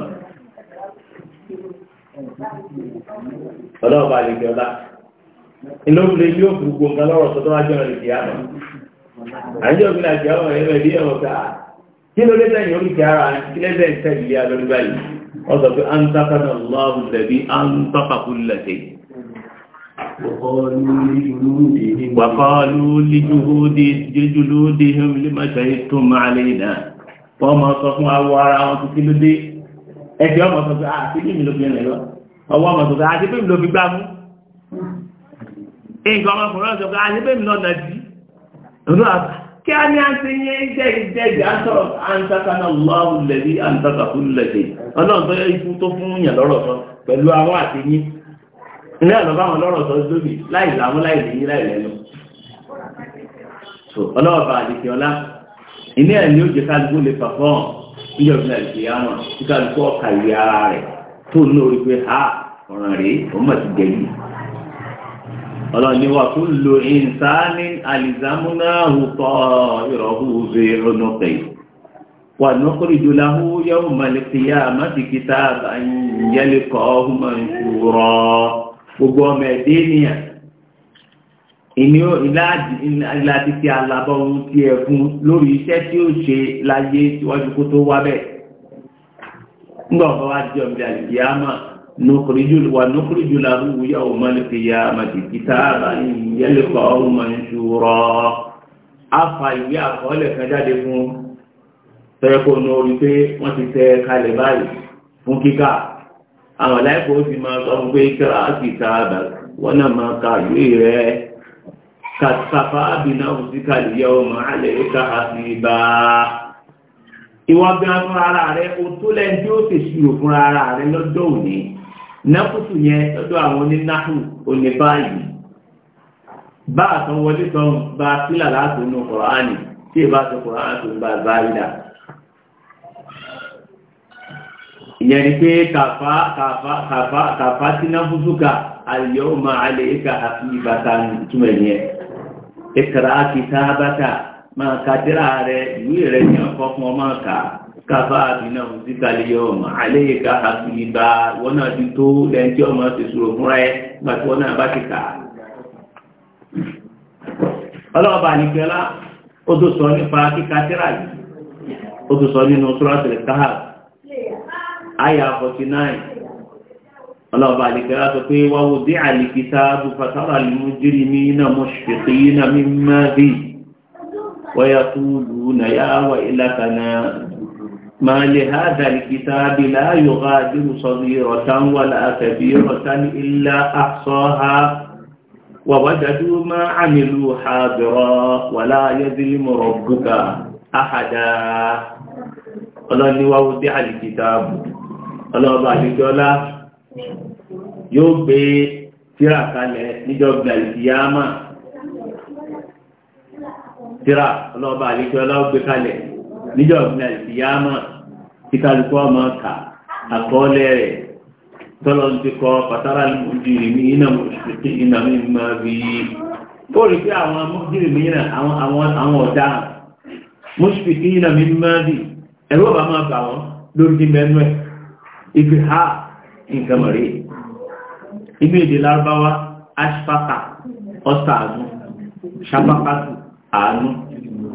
ọlọ́ọ̀bá adékọ́lá kí ló lé sẹ́yìn orí jàrá kí lé sẹ́yìn sẹ́yìn ilé alórí báyìí wọ́n sọ pé à ń sáfà náà lọ́wọ́ lẹ́bí à ń sáfà kú lẹ́sẹ̀. wàkọ́lù lìjúhúdì jẹ́júlúdì lẹ́mọ̀ṣẹ́ tó máa lè nà wọ́n mọ̀ sọ fún awọ ara wọn tó mi ló ah, fi rìn lọ kí a ní àti yẹ ìjẹ́ ìjẹ́ ìjẹ́ àtọ́rọ̀ àǹtakànà lọ́wọ́ lẹ́bí àǹtakàkú lẹ́sẹ̀ ọlọ́run tó yẹ ikú tó fún yàn lọ́rọ̀ sọ pẹ̀lú àwọn àti yín ní àlọ́bá àwọn lọ́rọ̀ sọ lóbi láì láwọn láì lẹ́yìn láì lẹ́nu ọlọ́ọ̀bà àdìsí ọlá ilé ẹ̀ ní ó jẹ́ kálukú lè pàfọ́ọ̀n níjọ́ ìgbà ìṣẹ́ àwọn kí kálukú ọ̀kà ìyá rẹ̀ tó lórí pé ha ọ̀ràn rèé ó mọ̀ sí jẹ́ yìí ọlọ́ni wa kullu insani alzamunahu ta'irahu fi unuqihi wa nukhriju lahu yawmal qiyamati kitaban yalqahu manshura gbogbo ọmọ ẹ̀dẹ́ ènìyàn ìní ìlàdí tí alábọ̀ ohun tí nukuriju wa nukuriju lahu yawmal qiyamati kitaban yalqahu manshura afa ìwé àkọọ́lẹ̀ kan jáde fún tẹ́kọ̀ ní orí pé wọ́n ti tẹ́ kalẹ̀ báyìí fún kíkà àwọn aláìkò sì máa sọ fún pé kíra kitaba wọ́n náà máa ka ìwé rẹ̀ kàtàkàfà àbínà òsìkà yawma alayka hasiba ìwọ̀n bí wọn fúnra rẹ̀ o tó lẹ́ni tí ó tẹ̀sí òfúnra rẹ̀ lọ́jọ́ òní nẹ́kùsù yẹn lọ́dọ̀ àwọn onínáhù òní báyìí bá àtàn wọlé tán bá sílà láti inú kọ̀ránì tí ìbá tó kọ̀ránì tó ń bá báyìí ìyẹn ni pé kàfá kàfá kàfá kàfá tí náfùsù ka àyẹ̀wò máa lè ka àfi ìbáta túmọ̀ yẹn ìkàrà kìtàbátà máa kàdírà rẹ ìwé rẹ ní ọkọ̀ fún ọmọ kàá. kafa àbínà òsìkàlẹ̀ yọ ọmọ àléyèká àti ìgbà wọn náà ti tó lẹ́ńtí ọmọ ti sùrọ̀ fúnra ẹ gbàtí wọn náà bá ti kà á. ọlọ́ọ̀bà nìkẹ́lá ó tó sọ nípa kíka tíra yìí ó tó sọ nínú àyà 49 ọlọ́ọ̀bà nìkẹ́lá sọ pé wa wudi'a al-kitabu fatara al ya ما لهذا الكتاب لا يغادر صغيرة ولا كبيرة إلا أحصاها ووجدوا ما عملوا حاضرا ولا يظلم ربك أحدا ọlọ́ni wá wúdí àlìkìtàbù ọlọ́ọ̀bá àdìjọ́lá yóò gbé tíra kalẹ̀ níjọba ìdíyàmà tíra ọlọ́ọ̀bá àdìjọ́lá ó gbé kalẹ̀ níjọ́ ìpínlẹ̀ ìfìyàmọ̀ tí kálukú ọmọ kà àkọọ́lẹ̀ rẹ̀ tọ́lọ ti kọ pàtàrà mọ́jìrì ní iná mọ́ṣùkú iná mímọ́ rí ó rí pé àwọn mọ́jìrì mìíràn àwọn ọ̀daràn mọ́ṣùkú iná mímọ́ rí ẹ̀rọ bá máa bà wọ́n lórí ti mẹ́nu ẹ̀ ibi ha àánú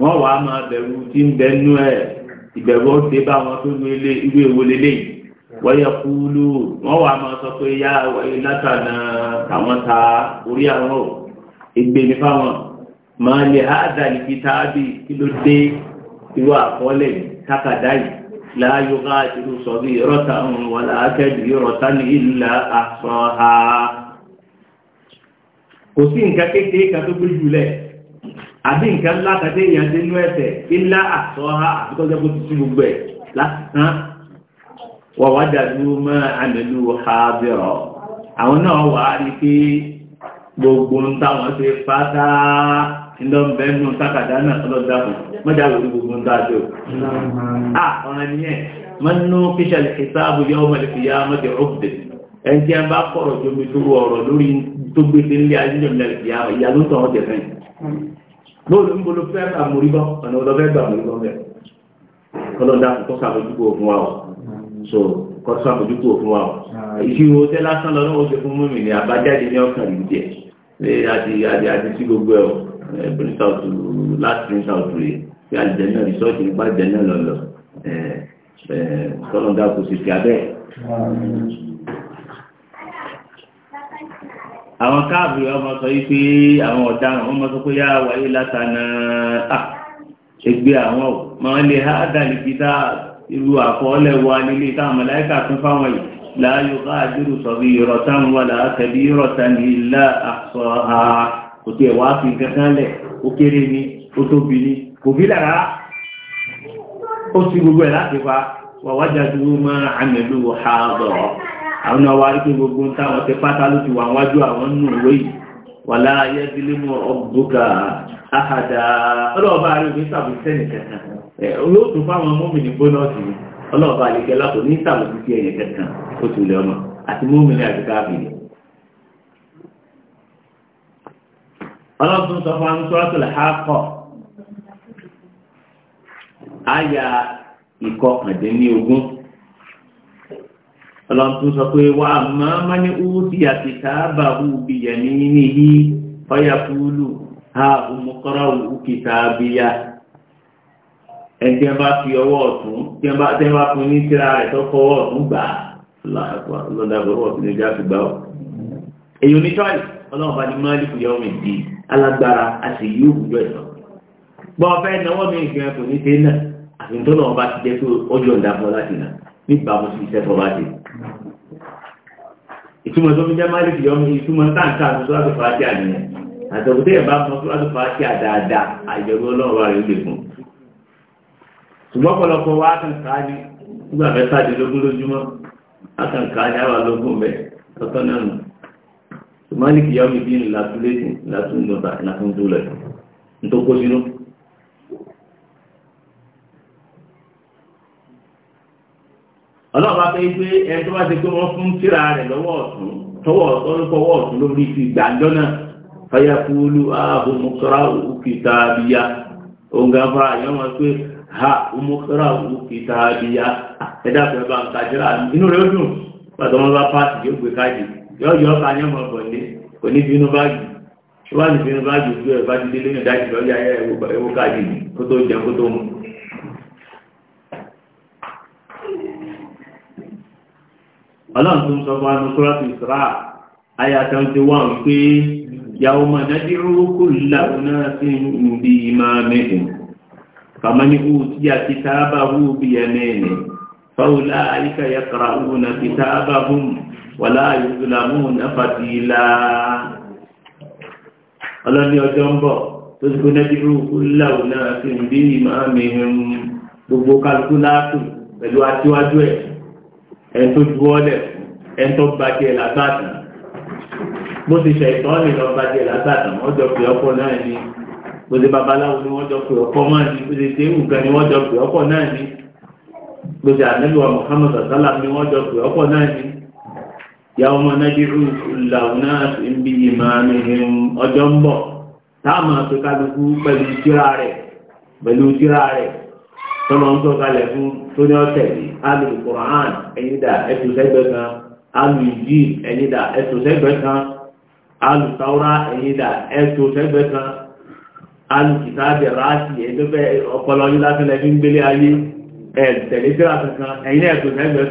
wọ́n wàá máa bẹ̀rù tí ń bẹ ẹ̀ ìbẹ̀rù ó bá wọn tó nu ilé irú èwo lélẹ́yìí wọ́yẹ kúlù wọ́n wàá máa sọ pé yá látànà àwọn ta orí àwọn ò ègbè fáwọn máa lè há dàlí fi kí ló dé àkọọ́lẹ̀ tákàdá yìí láàyò ká ń wà ní ìlà àṣọ ha kò sí nǹkan àbí nǹkan ńlá kàtẹ́ èèyàn ti nú ẹ̀sẹ̀ ilá àtọ́ha àbíkọ́jọ́ kó ti tún gbogbo ẹ̀ lásán wà wá dàbí mọ́ àmìlú hábìrọ̀ àwọn náà wà á rí pé gbogbo ń táwọn ṣe pátá ìlọ́mbẹ́ nù sákàdá náà lọ́dàbọ̀ mọ́jà lórí gbogbo ń dájọ́ à ọ̀ràn nìyẹn mọ́nú kíṣẹ̀lẹ̀ ìsáàbù yọ ọmọ ìfìyà mọ́jẹ ọ̀gbẹ̀ ẹjẹ́ bá kọ̀rọ̀ jomitoro ọ̀rọ̀ lórí lóòlù ń bolo fẹ́ gbà mórí bọ́ ọ̀nà ọ̀dọ́ fẹ́ gbà mórí bọ́ bẹ́ẹ̀ kọlọ́dà kọ́ sàmójúkú òfin wa o so kọ́ sàmójúkú òfin wa o ìṣirò tẹ́ lásán lọ́nà oṣù fún mímì ní àbájáde ní ọkàn yìí jẹ ẹ àti àti àti sí gbogbo ẹ ọ prince out last prince out rè fi àlìjẹnà rìsọ́ọ̀tì nípa àlìjẹnà lọ́lọ́ ẹ ẹ kọlọ́dà kò sì fi abẹ́ ẹ. àwọn káàbìrì ọmọ sọ yìí pé àwọn ọ̀daràn ọmọ sọ pé yá wáyé látànà à ẹgbẹ́ àwọn ò máa lè há dàlí kíta irú àkọọ́lẹ̀ wa nílé táwọn mọ̀láìkà tún fáwọn yìí láàyò káàdìrú sọ̀rọ̀ ìrọ̀tàn wà láàkẹ́bí ìrọ̀tàn ilá àṣọ ha kò tí ẹ̀ wá fi kankan lẹ̀ ó kéré ni ó tóbi ni kò bí lára ó sì gbogbo ẹ̀ láti fa wàwájà tó máa àmì àwọn ọwọ́ gbogbo táwọn ti pátá ló ti wà wájú àwọn nù ìwé yìí wà láàyè dílémù ọgbọ́gà àhàdà ọlọ́ọ̀bá arígbé sàbí kẹta yóò fáwọn mọ́mìnì bónọ́ọ̀sì ọlọ́ọ̀bá ní kẹta ó ọmọ àti mọ́mìnì ọlọ́ọ̀tún sọ fún ọlọ́run tún sọ pé wà máa má ní údí àti sáábà hùbí yẹ ní níbi fọ́yàkúlù ha òmùkọ́rọ̀ òkìta abíyá ẹgbẹ́ bá fi ọwọ́ ọ̀tún tẹ́ bá fún ní síra rẹ̀ tó fọwọ́ ọ̀tún gbà lọ́dàbọ̀wọ̀ tí lè já fi gbà ọ́ èyí onítọ́ì ọlọ́run bá ní mọ́lì ìtumọ̀ tó fi jẹ́ máàlìkì yọmú ìtumọ̀ táǹkà sọ́látò fàájì àníyàn àtọ̀kùtẹ́ ìbá fún sọ́látò fàájì àdáadáa àjọ̀rú ọlọ́run rẹ̀ lè fún. ṣùgbọ́n ọ̀pọ̀lọpọ̀ wa kàn ká nígbà mẹ́tàdínlógún lójúmọ́ a kàn ká ní mẹ́ tọ́tọ́ náà nù. máàlìkì yọmú ìdí ni làtúndé làtúndó lẹ̀ sínú. ọlọ́ọ̀bá pé pé ẹni tó bá ti pé wọ́n fún tíra rẹ̀ lọ́wọ́ ọ̀tún tọwọ́ ọ̀tọ́lọ́pọ̀wọ́ ọ̀tún lórí ti gbàjọ́ náà fayakulu ahumukara òkìta abíyá òǹgàfà yẹn wọn pé ha òmukara òkìta abíyá ẹ̀dá pẹ̀lú bá ń kájọ́ra inú rẹ̀ ó dùn pàtó wọn bá pàṣẹ yóò gbé káàdì yóò yọ ọ́ka yẹn wọn bọ̀lé kò ní bínú báàgì tó bá ní bínú báàgì ojú ẹ̀ bá ti délé ní ìdájì lọ́ọ́ ọlọ́run tó ń sọ fún wa ní sọ́rọ́tù ìsra àyà tẹ́ǹtì wà wípé yàwó máa dájú rúkú làwọn náà sí ibi máa mẹ́rin kàmání kú tí a ti sábà wú bí ẹ fáwọlá àyíká yẹ kàrà wù náà ti sábà wù wàlá àyùsùlà mú náà fàtí ọlọ́ni ọjọ́ ń bọ̀ tó ti kó dájú rúkú làwọn náà sí ibi máa mẹ́rin gbogbo kálukú láàkù pẹ̀lú aṣíwájú ẹ̀ ẹ̀tọ́ ju ọlẹ̀ ẹ̀tọ́ bàjẹ́ làgbàtà bó ti ṣe ìtọ́ ní lọ bàjẹ́ làgbàtà wọ́n jọ pé ọkọ̀ náà ni bó ti babaláwo ni wọ́n jọ pé ọkọ̀ ni bó ti gan ni wọ́n jọ pé ọkọ̀ náà ni bó ti ni wọ́n jọ pé ọkọ̀ náà ni ọmọ nàìjíríà làwọn náà ń bí ìmọ̀-àmì ọjọ́ ń bọ̀ kálukú pẹ̀lú rẹ̀ pẹ̀lú rẹ̀ fún tó ní ọ̀tẹ̀ yìí alu Qur'an ẹ̀yin dà ẹ̀tù sẹ́gbẹ̀ kan alu Injil ẹ̀yin dà ẹ̀tù sẹ́gbẹ̀ kan alu Taura ẹ̀yin dà ẹ̀tù sẹ́gbẹ̀ kan alu kìtàbí ráàtì ẹ̀dẹ́fẹ́ ọpọlọ yìí láti lẹ́fí ń gbélé ayé ẹ̀tẹ̀lẹ́tẹ̀lá kankan ẹ̀yin ẹ̀tù sẹ́gbẹ̀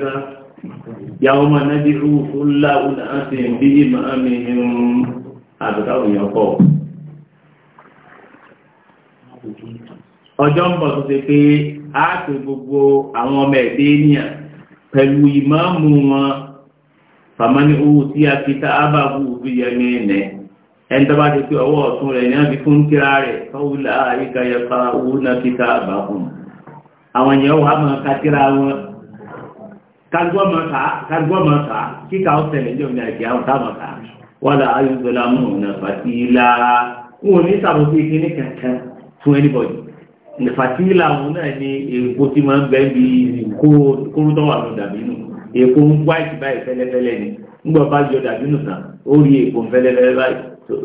ọjọ́ ń bọ̀ tó ṣe pé a pè gbogbo àwọn ọmọ ẹ̀dẹ́ ènìyàn pẹ̀lú ìmáàmù wọn fàmánì owó tí a fi tábà bú bí yẹmí ẹ̀nẹ́ ẹni tó bá ti pé ọwọ́ ọ̀tún rẹ̀ ní àfi fún kíra rẹ̀ fáwùlà àríkà yẹpa owó náà fi tábà fún àwọn yẹn wà máa ka kíra wọn kagbọ́mọ̀ ká kíkà ó tẹ̀lé ní omi àjẹ́ àwọn táwọn ká wọ́n la ayélujára mú ọ̀nà fàtí lára wọn ò ní sàbòsí kíní kankan fún anybody ìfàtílà òun náà ni èkó tí máa ń bẹ́ bí kóró tó wà ní dàbínú èkó ń wáìtì báyìí fẹ́lẹ́fẹ́lẹ́ ni ńgbọ́ bá yọ dàbínú tán ó rí èkó fẹ́lẹ́fẹ́lẹ́ báyìí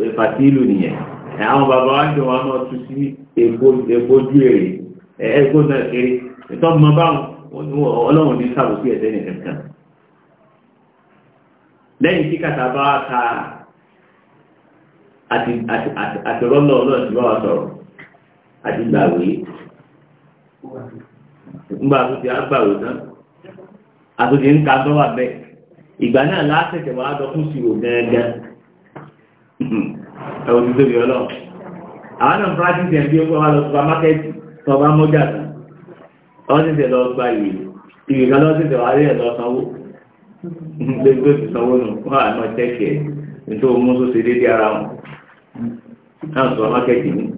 ìfàtílù nìyẹn àwọn bàbá wa jọ wọn náà tún sí èkó ojú èrè ẹgbó náà kéré ìtọ́ mọ báwọn ọlọ́run ní sàbòsí ẹ̀sẹ̀ nìkan kan lẹ́yìn tí kàtà bá ta àti rọ́lọ́ ọlọ́run ti bá wa sọ̀rọ̀ àdìgbàwé ńgbà tó ti àgbàwé tán àtòkè ń ka tó wà bẹ́ẹ̀ ìgbà náà lásẹ̀kẹ̀ wà á dọ fún ìṣirò gẹ́gẹ́ ẹ̀wọ̀n ti tóbi ọlọ́ àwọn náà practice ẹ̀ bí ó wà lọ supermarket tó bá mọ́jà tán ọ́sẹ̀sẹ̀ lọ gba ìwé ìwé kan lọ́sẹ̀sẹ̀ wà á rí ẹ̀ lọ sanwó lórí ti sanwó nù ara wọn náà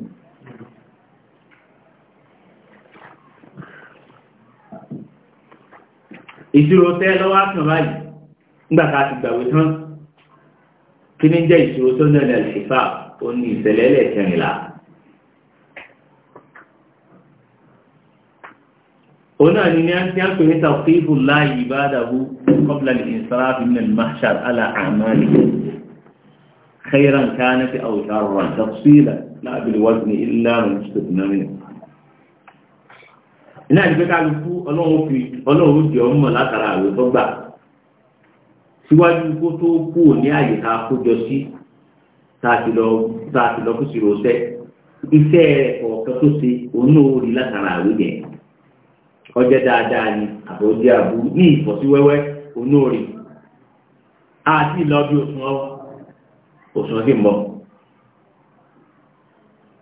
ìṣirò tẹ́ lọ́wọ́ àtàn báyìí nígbàtà ti gbàwé tán kí ní jẹ́ ìṣirò tó náà lẹ́lẹ̀ ìfà ó ní ìṣẹ̀lẹ̀ ẹlẹ́kẹrìnlá òun náà ni ní a ti ń pè ní tàkìfù láàyè ìbádàbú kọ́pìlà ní ìsàráfì ní mahshar ala amali khairan kanati aw sharran tafsila la bil wazni illa man istabna minhu iná ìdíbẹ́ kálukú ọlọ́run fi ọlọ́run jẹ ọmọ látara àwẹ̀ tó gbà síwájú kó tó kú ní àyè a kójọ sí tá a ti lọ kó sì rò sẹ́ iṣẹ́ tó ṣe onóòrí látara yẹn dáadáa ni àbọ̀jẹ́ àbúrú ní ìfọ̀síwẹ́wẹ́ onóòrí lọ ìlọ́bí òṣùwọ̀n sí mọ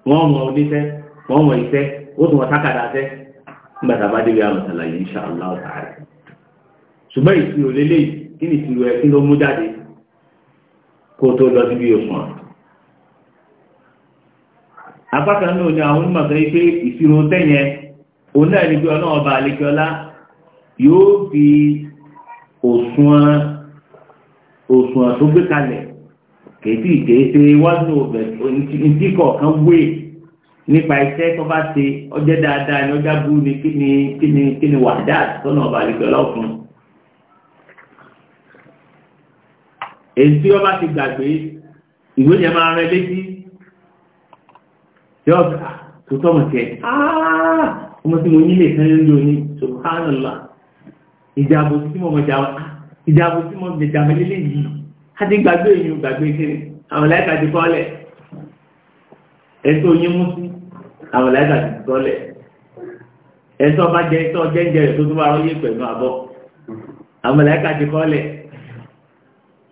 mọ ó tún sákàdá nígbàtà bá débi àmọ̀sàlàyé insha Allah ta'ala ṣùgbọ́n ìṣirò lélẹ̀ kí ni ìṣirò ẹ kí ló mú jáde kó tó lọ síbi òsùn apákan náà ni àwọn onímọ̀ sọ pé ìṣirò tẹ̀yẹn òun náà ní pé ọlọ́run ọba àlejòọlá yóò fi òsùn tó gbé kalẹ̀ kèétí kèétí wájú ọbẹ̀ ní tí kọ̀ọ̀kan wéè nípa iṣẹ́ tó bá ṣe ọjọ́ dáadáa ni ọjọ́ burú ni kí ni kí ni kí ni wàdá tọ́nà ọba àlejò ọlọ́fun. èyí tí ọba ti gbàgbé ìwé yẹn máa rẹ létí yọ ah, tó tọ́ mọ̀ ah, ọmọ tí mo yí lè sẹ́yìn lórí oní subhanallah ìjàbò tí mo mọ̀ jàmọ́ ah, ìjàbò tí mo mọ̀ jàmọ́ lélẹ̀ yìí a gbàgbé èyí gbàgbé kiri àwọn láìka ti kọ́ lẹ̀ ẹ̀tọ́ yín mú sí àwọn láìka ti tọ́lẹ̀ ẹ̀tọ́ bá jẹ ìtọ́ jẹ́jẹ rẹ̀ tó tó bá rọ́yé pẹ̀lú àbọ̀ àwọn láìka ti kọ́lẹ̀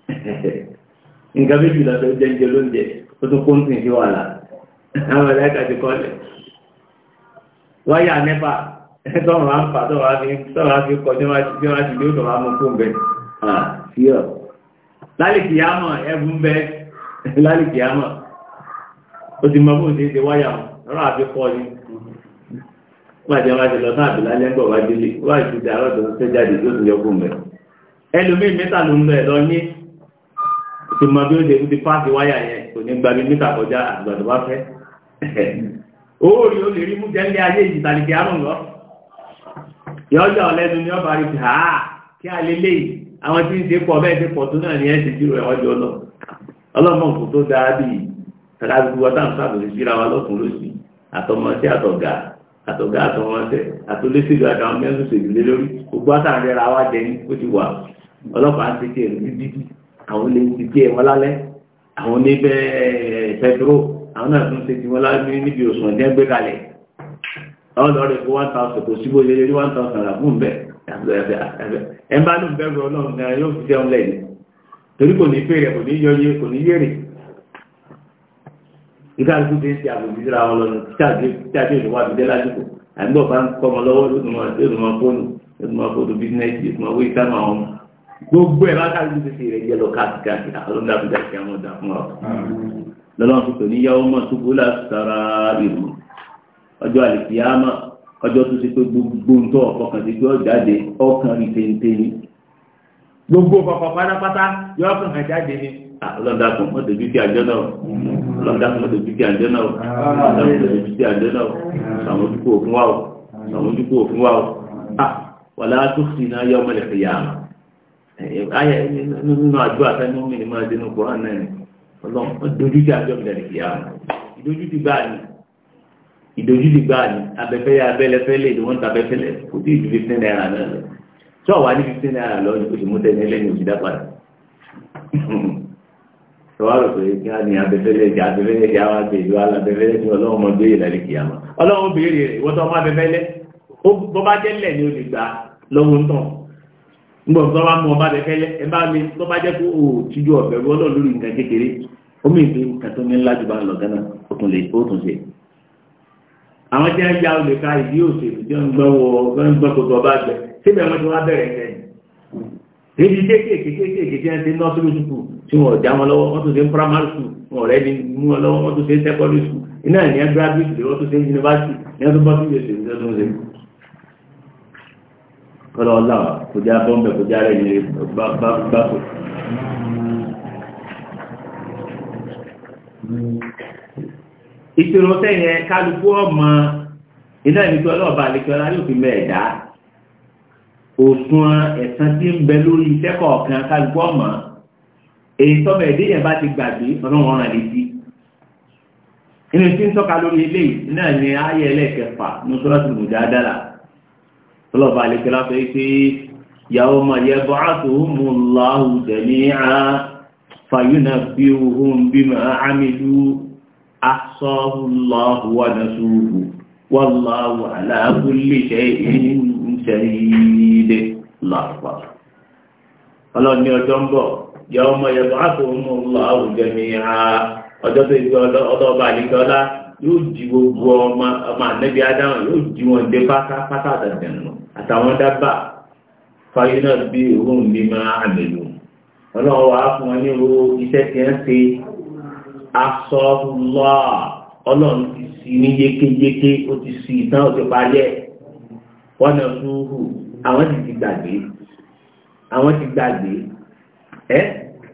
nǹkan méjì lọ́sọ̀ jẹ́jẹ lóúnjẹ ó tún kóńtìn sí wàhálà àwọn láìka ti kọ́lẹ̀ wáyà nẹ́fà tọ́rọ̀ á ń fà tọ́rọ̀ á fi kọ́ tí wọ́n ti dé òtò wa mú fún bẹ́ẹ̀ fíọ̀ lálìkì yá mọ̀ ẹ̀bùn bẹ́ẹ̀ lálìkì yá mọ̀ ó ti mọ bóun ṣe ṣe wáyà wọn. ọlọ́run àbí kọ́ ni wọ́n àti ẹwà lọ sáà bìlá lẹ́gbọ̀ wá délé wọ́n àti ti tó jáde tó ti yọ fún mi ẹlòmíì ló ń lọ ẹ̀dọ́ yín mọ bí ó yẹn kò ní mítà kọjá àgbàdo bá fẹ́ o lè rí mú jẹ́lé ayé ìtàlìkì àrùn lọ yọjọ́ ni ọba rí ha kí a lè léyìí àwọn tí ń ṣe pọ̀ bẹ́ẹ̀ pọ̀ tó náà àtọmọṣẹ́ àtọ̀gá àtọ̀gá àtọmọṣẹ́ àtọlẹ́sẹ̀lú àtàwọn mẹ́rin ṣèlú lé lórí gbogbo àtàrẹ́ ra wá jẹ ní ó ti wà ọlọ́pàá ti tiẹ̀ lórí dídí àwọn olè ti tiẹ̀ wọ́n lálẹ́ àwọn oníbẹ̀ eh, pẹtró àwọn náà tún ṣe ti wọ́n lálẹ́ níbi òṣùn ọ̀jẹ́ gbé kalẹ̀ ọlọ́rẹ̀ kó one thousand kò síbò lé lórí one thousand àfún bẹ́ẹ̀ ẹ̀ ń bá lóun bẹ́ẹ̀ rọ ọlọ́run náà yóò fi jẹun lẹ́yìn torí kò ní fèrè kò ní yọye kò ní yẹ̀rẹ̀ ìkàlùkù ti ń ṣe àbòbí síra wọn lọ títàdé ìlú wa ti dé lásìkò àgbọ̀ bá ń kọ́ ọmọ lọ́wọ́ lóṣùmọ̀ fóònù lóṣùmọ̀ fóònù bísínẹ́sì lóṣùmọ̀ owó ìsámà wọn gbogbo ẹ̀ bá kàlùkù ti ṣe ìrẹ́jẹ lọ káàkiri alóńdàbíjà kí àwọn ọ̀dà fún wa. lọ́lọ́run ti tò ní yàwó mọ́ tó bólà sára ìlú ọjọ́ àlìkìyàmà ọjọ́ tó ṣe pé gbogbo ń tọ́ ni Ah, ọlọ́dà kan mọ́ tẹ̀bí tí àjọ náà ọlọ́dà kan mọ́ tẹ̀bí tí àjọ náà ọlọ́dà kan mọ́ tẹ̀bí sàmójúkú òfin wa o ah wà láà tó fi náà yọ ọmọlẹ̀ fi yà á eh, eh, ayẹ nínú àjọ àtẹnu mi ni máa dénú kúrán náà ni ọlọ́run dojú tí àjọ mi lẹ́nu fi yà á ìdojú ti gbáà ni ìdojú ti gbáà ni abẹ́fẹ́ yà abẹ́lẹ́fẹ́ lè ni wọ́n ta abẹ́fẹ́ lẹ̀ kò tí ì ju fifteen tọ́wárò pé kí á ní abẹ́fẹ́lẹ́ ìjà abẹ́fẹ́lẹ́ ìjà wa ti ìlú alábẹ́fẹ́lẹ́ tí ọlọ́run mọ béèrè lálẹ́ kìí àmọ́ ọlọ́run béèrè rẹ̀ ìwọ́n tó ọmọ abẹ́fẹ́lẹ́ bó bá jẹ́ lẹ̀ ni o lè gbà lọ́wọ́ ń tàn ńgbọ̀ tó bá mú ọba abẹ́fẹ́lẹ́ ẹ bá mi tó bá jẹ́ kó o tíjú ọ̀bẹ̀ rú ọlọ́run lórí nǹkan kékeré omi ìgbé nǹkan tó ní lájú bá ń lọ gánà ó tún ṣe àwọn tí wọ́n ya olè ká ìdí òṣèlú tí wọ́n gbọ́ wọ èyí kéékèèké kéékèèké tí wọ́n ti lọ sílùú sùkù tí wọ́n já wọn lọ́wọ́ wọ́n tún ṣe ń primary school wọn rẹ̀ ní mú wọn lọ́wọ́ wọ́n tún ṣe ń secondary school iná ẹ̀ ní ẹ́ graduate lè wọ́n tún ṣe ń university ní ọdún bọ́sí yóò ṣe ní ọdún ṣe. kọ́lọ́ ọ̀la kò já bọ́m̀bẹ̀ kò já rẹ̀ ní gbàgbọ́. ìṣòro sẹ́yìn kálukú ọmọ iná ìbí òsùn ẹ̀sán tí ń bẹ lórí iṣẹ́ kọ̀ọ̀kan kálukú ọ̀mọ́ èyí tọ́bẹ̀ èdè yẹn bá ti gbàgbé ọlọ́run ọ̀ràn létí inú tí ń tọ́ka lórí eléyìí náà ni ayé ẹlẹ́kẹfà ní sọ́lọ́sì mùjáàdàlà tọ́lọ́ba àlekẹ́lá fẹ́ pé yàwó ma yẹ bọ́ àtòhùnmù láhù jẹ̀mí á fàyúnà bí ohun bí mà ámìlú asọ́hùn láhù wà náà sùúrù wàláhù aláàbùlé ṣe é شديد الله أكبر ọlọ́ni ọjọ́ ń bọ̀ yọ ọmọ yẹ̀bọ̀ àtòmù ọlọ́run jẹ́mi ọjọ́ tó ìgbẹ́ ọlọ́ọ̀bà àdìgbọ́lá yóò jí gbogbo ọmọ ànẹ́bí yóò jí wọn dé àtàwọn dábà bí òun ní máa àmèlò ọlọ́run wàá fún wọn ní iṣẹ́ tí ń ṣe wọ́n lọ sóhù àwọn ti ti gbàgbé àwọn ti gbàgbé ẹ́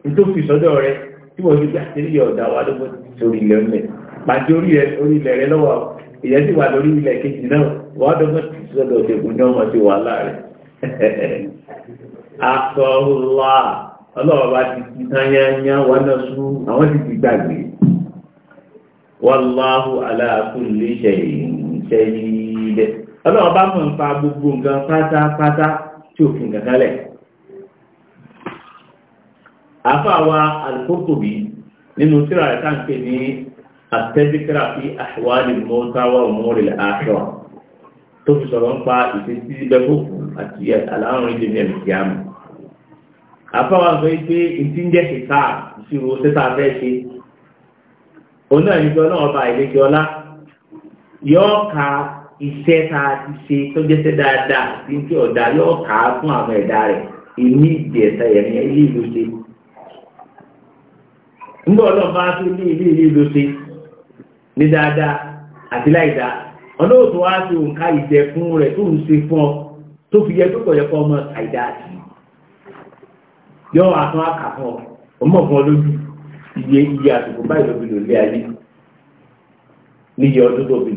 nítòsí sọ́dọ̀ rẹ tí wọ́n ti gbà ọ̀dà wa ló ti sórí ilẹ̀ mẹ́ pàtí orí rẹ lọ́wọ́ ìyẹn sì wà lórí ilẹ̀ kejì náà wọ́n ti sọ́dọ̀ ọ̀dẹ̀kùn náà wọ́n ti wà láàrẹ̀ àtọ̀ọ̀lá ọlọ́wọ́ bá ti ti tányányá wọn lọ sún àwọn ti ti gbàgbé ọlọ́run bá mọ̀ ń pa gbogbo nǹkan pátápátá tí òfin gàgálẹ̀ àfàwà al-Qurtubi nínú síra rẹ̀ táǹkì ní àtẹ́síkíra fi ahwali al-mawta wa umuri al-akhirah tó fi sọ̀rọ̀ ń pa ìfẹ́sí bẹ́fòfò àti aláàrùn ilé ní ẹ̀mí kíámù àfàwà sọ pé ìtí ń jẹ́ kíkà ìṣirò tẹ́ta fẹ́ ṣe òun náà ní pé ọlọ́run ọba ìlẹ́kẹ́ ọlá yọ ọ́ ka iṣẹ́ a ti ṣe tó jẹ́sẹ́ dáadáa tí ń fi ọ̀dà yóò kà á fún àwọn ẹ̀dá rẹ̀ èmi ìdí ẹ̀mí ilé ìlú ṣe. nígbà ọlọ́run bá tún ní ilé ilé ìlú ṣe ní dáadáa àti láìdá ọ̀nà òtò wá sí òǹkà fún rẹ̀ ọ tó fi yẹ tó kọ̀ yẹ fún ọmọ àìdá àti àtún ọ ọmọ fún ọ lójú iye iye báyìí ló fi lò lé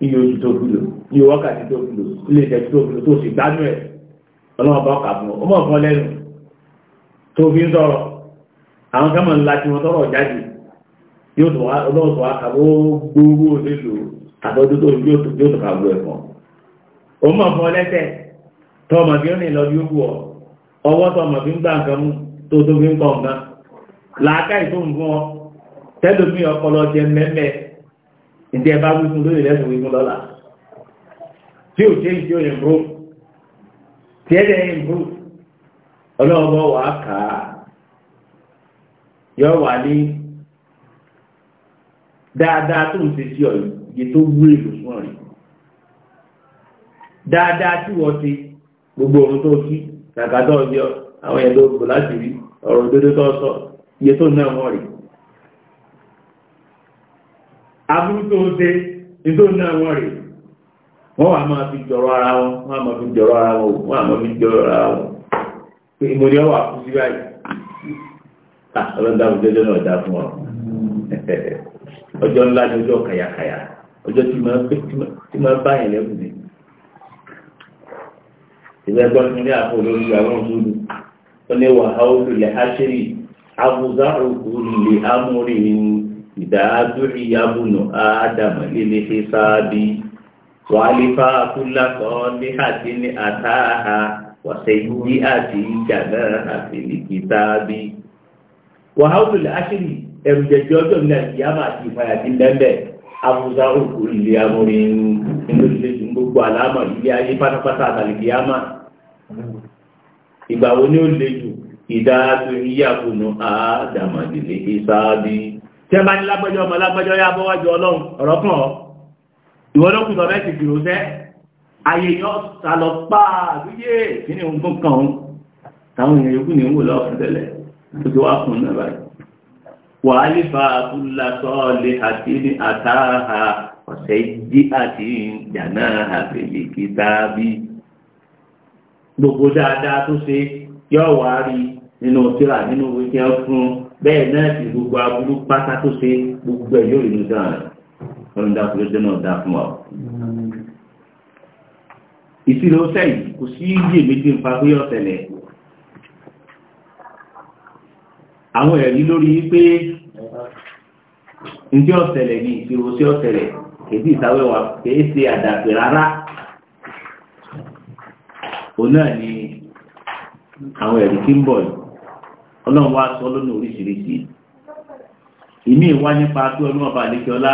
iye oṣù tó fi lò iye wákàtí tó fi lò ilé ìjẹ́ tó fi lò tó sì gbádùn ẹ̀ ọlọ́wọ́ bá ọkà fún ọ mọ̀ fún lẹ́nu tó fi ń sọ̀rọ̀ àwọn kẹ́mọ̀ ńlá tí wọ́n tọ́rọ̀ jáde yóò tó wá ọlọ́wọ́ tó wá kà ó gbogbo lélo àtọ́jú tó yóò tó kà gbogbo ẹ̀fọ́ ó mọ̀ fún ọlẹ́sẹ̀ tó ọmọ bí ó rìn lọ bí ó wù ọ ọwọ́ tó ìdí ẹbá wíkún lórí lẹ́sùn wíkún lọ́la tí ò ṣe ìṣe òyìn bro tí ẹ̀dẹ̀ ẹ̀yìn bro ọlọ́ọ̀bọ̀ wà kà á yọ wà ní dáadáa tó ń ṣe sí ọ̀yìn yìí tó wúlò lòsùn ọ̀rìn dáadáa tí wọ́n ti gbogbo ohun tó kí kàkà tó ọjọ́ àwọn ẹ̀dọ́ ògbò láti rí ọ̀rọ̀ òdodo tó sọ iye tó náà wọ́n rí aburú tó ń ṣe nítorí náà wọ́n rè wọ́n wà fi jọrọ ara wọn wọ́n máa fi jọrọ ara wọn wọ́n máa fi jọrọ ara wọn pé ìmọ̀lẹ́ wà kú sí báyìí ah, ọlọ́dà òjọ́jọ́ náà dá fún ọ ọjọ́ ńlá ni ọjọ́ kàyàkàyà ọjọ́ tí máa bá yẹn lẹ́kùn ní ní àpò olórí àwọn òṣèlú àṣírí òkú amúrí nínú ìdáàdúrí abúnú ádámà lílé fi sáábí wàlífà kúlákọ́ ní àti ní àtàhà wàṣẹ́yí àti ìjàdá àti ìkìtàbí. wàhálù láṣìírí ẹ̀rù jẹjẹ ọjọ́ náà kì á máa ti ìfàyà sí bẹ́ẹ̀ abuza òkú ilé amúrin inú ilé gbogbo àlámà ilé ayé pátápátá àtàlìkì á máa ìgbà wo ni ó le jù ìdáàdúrí abúnú ádámà lílé fi tẹ́ bá ní lágbẹ́jọ́ ọmọ lágbẹ́jọ́ yá bọ́ wájú ọlọ́run ọ̀rọ̀ kan ọ́ ìwọ́n ló kù lọ mẹ́sì kìrò sẹ́ ayé yọ sàlọ páà dúyé ni nǹkan kan ọ́n táwọn èèyàn yòókù ní ń wò lọ́wọ́ tẹ́lẹ̀ tó ti wá fún náà báyìí wà á lè fa àkúlà sọ́ọ̀lẹ̀ àti ní gbogbo dáadáa tó ṣe yọ wá rí nínú tíra nínú wíkẹ́ fún bẹ́ẹ̀ náà sì gbogbo aburú pátá tó ṣe gbogbo ẹ̀ yóò rinú dáa rẹ̀ ọlọ́run dáa fún lọ́jọ́ náà dáa fún wa. ìṣirò sẹ́yìn kò sí iye méjì ń fa pé ọ̀sẹ̀lẹ̀ àwọn ẹ̀rí lórí pé njẹ́ ọ̀sẹ̀lẹ̀ ni ìṣirò sí ọ̀sẹ̀lẹ̀ kèdí ìsáwẹ́wà kèé ṣe àdàpè rárá òun náà ni àwọn ẹ̀rí tí ń bọ̀ yìí ọlọ́run wá sọ lónìí oríṣiríṣi ìmí ìwá nípa pé ọlọ́run ọba àlejòọlá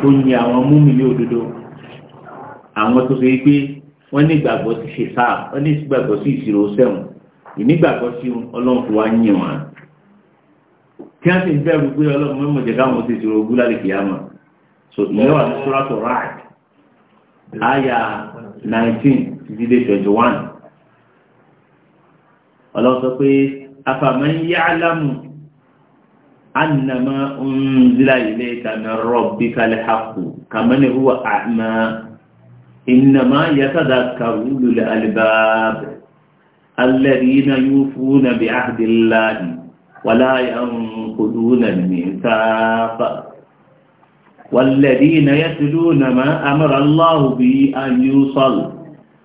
tó yin àwọn múmi ní òdodo àwọn tó ṣe pé wọ́n ní ìgbàgbọ́ sí ṣe sáà wọ́n ní ìgbàgbọ́ sí ìṣirò sẹ́wọ̀n ìnígbàgbọ́ sí ọlọ́run fún wa yìn wọn tí wọ́n sì ń bẹ̀rù pé ọlọ́run mẹ́mọ̀ jẹ́ káwọn ti ṣòro ogún lálẹ́ kìí àmọ́ so ìyẹn wà ní sóràtọ̀ ráàd àyà 19 títí dé ọlọ́run sọ pé أفمن يعلم أن ما أنزل إليك من ربك الحق كمن هو أعمى إنما يتذكر أولو الألباب الذين يوفون بعهد الله ولا ينقضون الميثاق والذين يتلون ما أمر الله به أن يوصل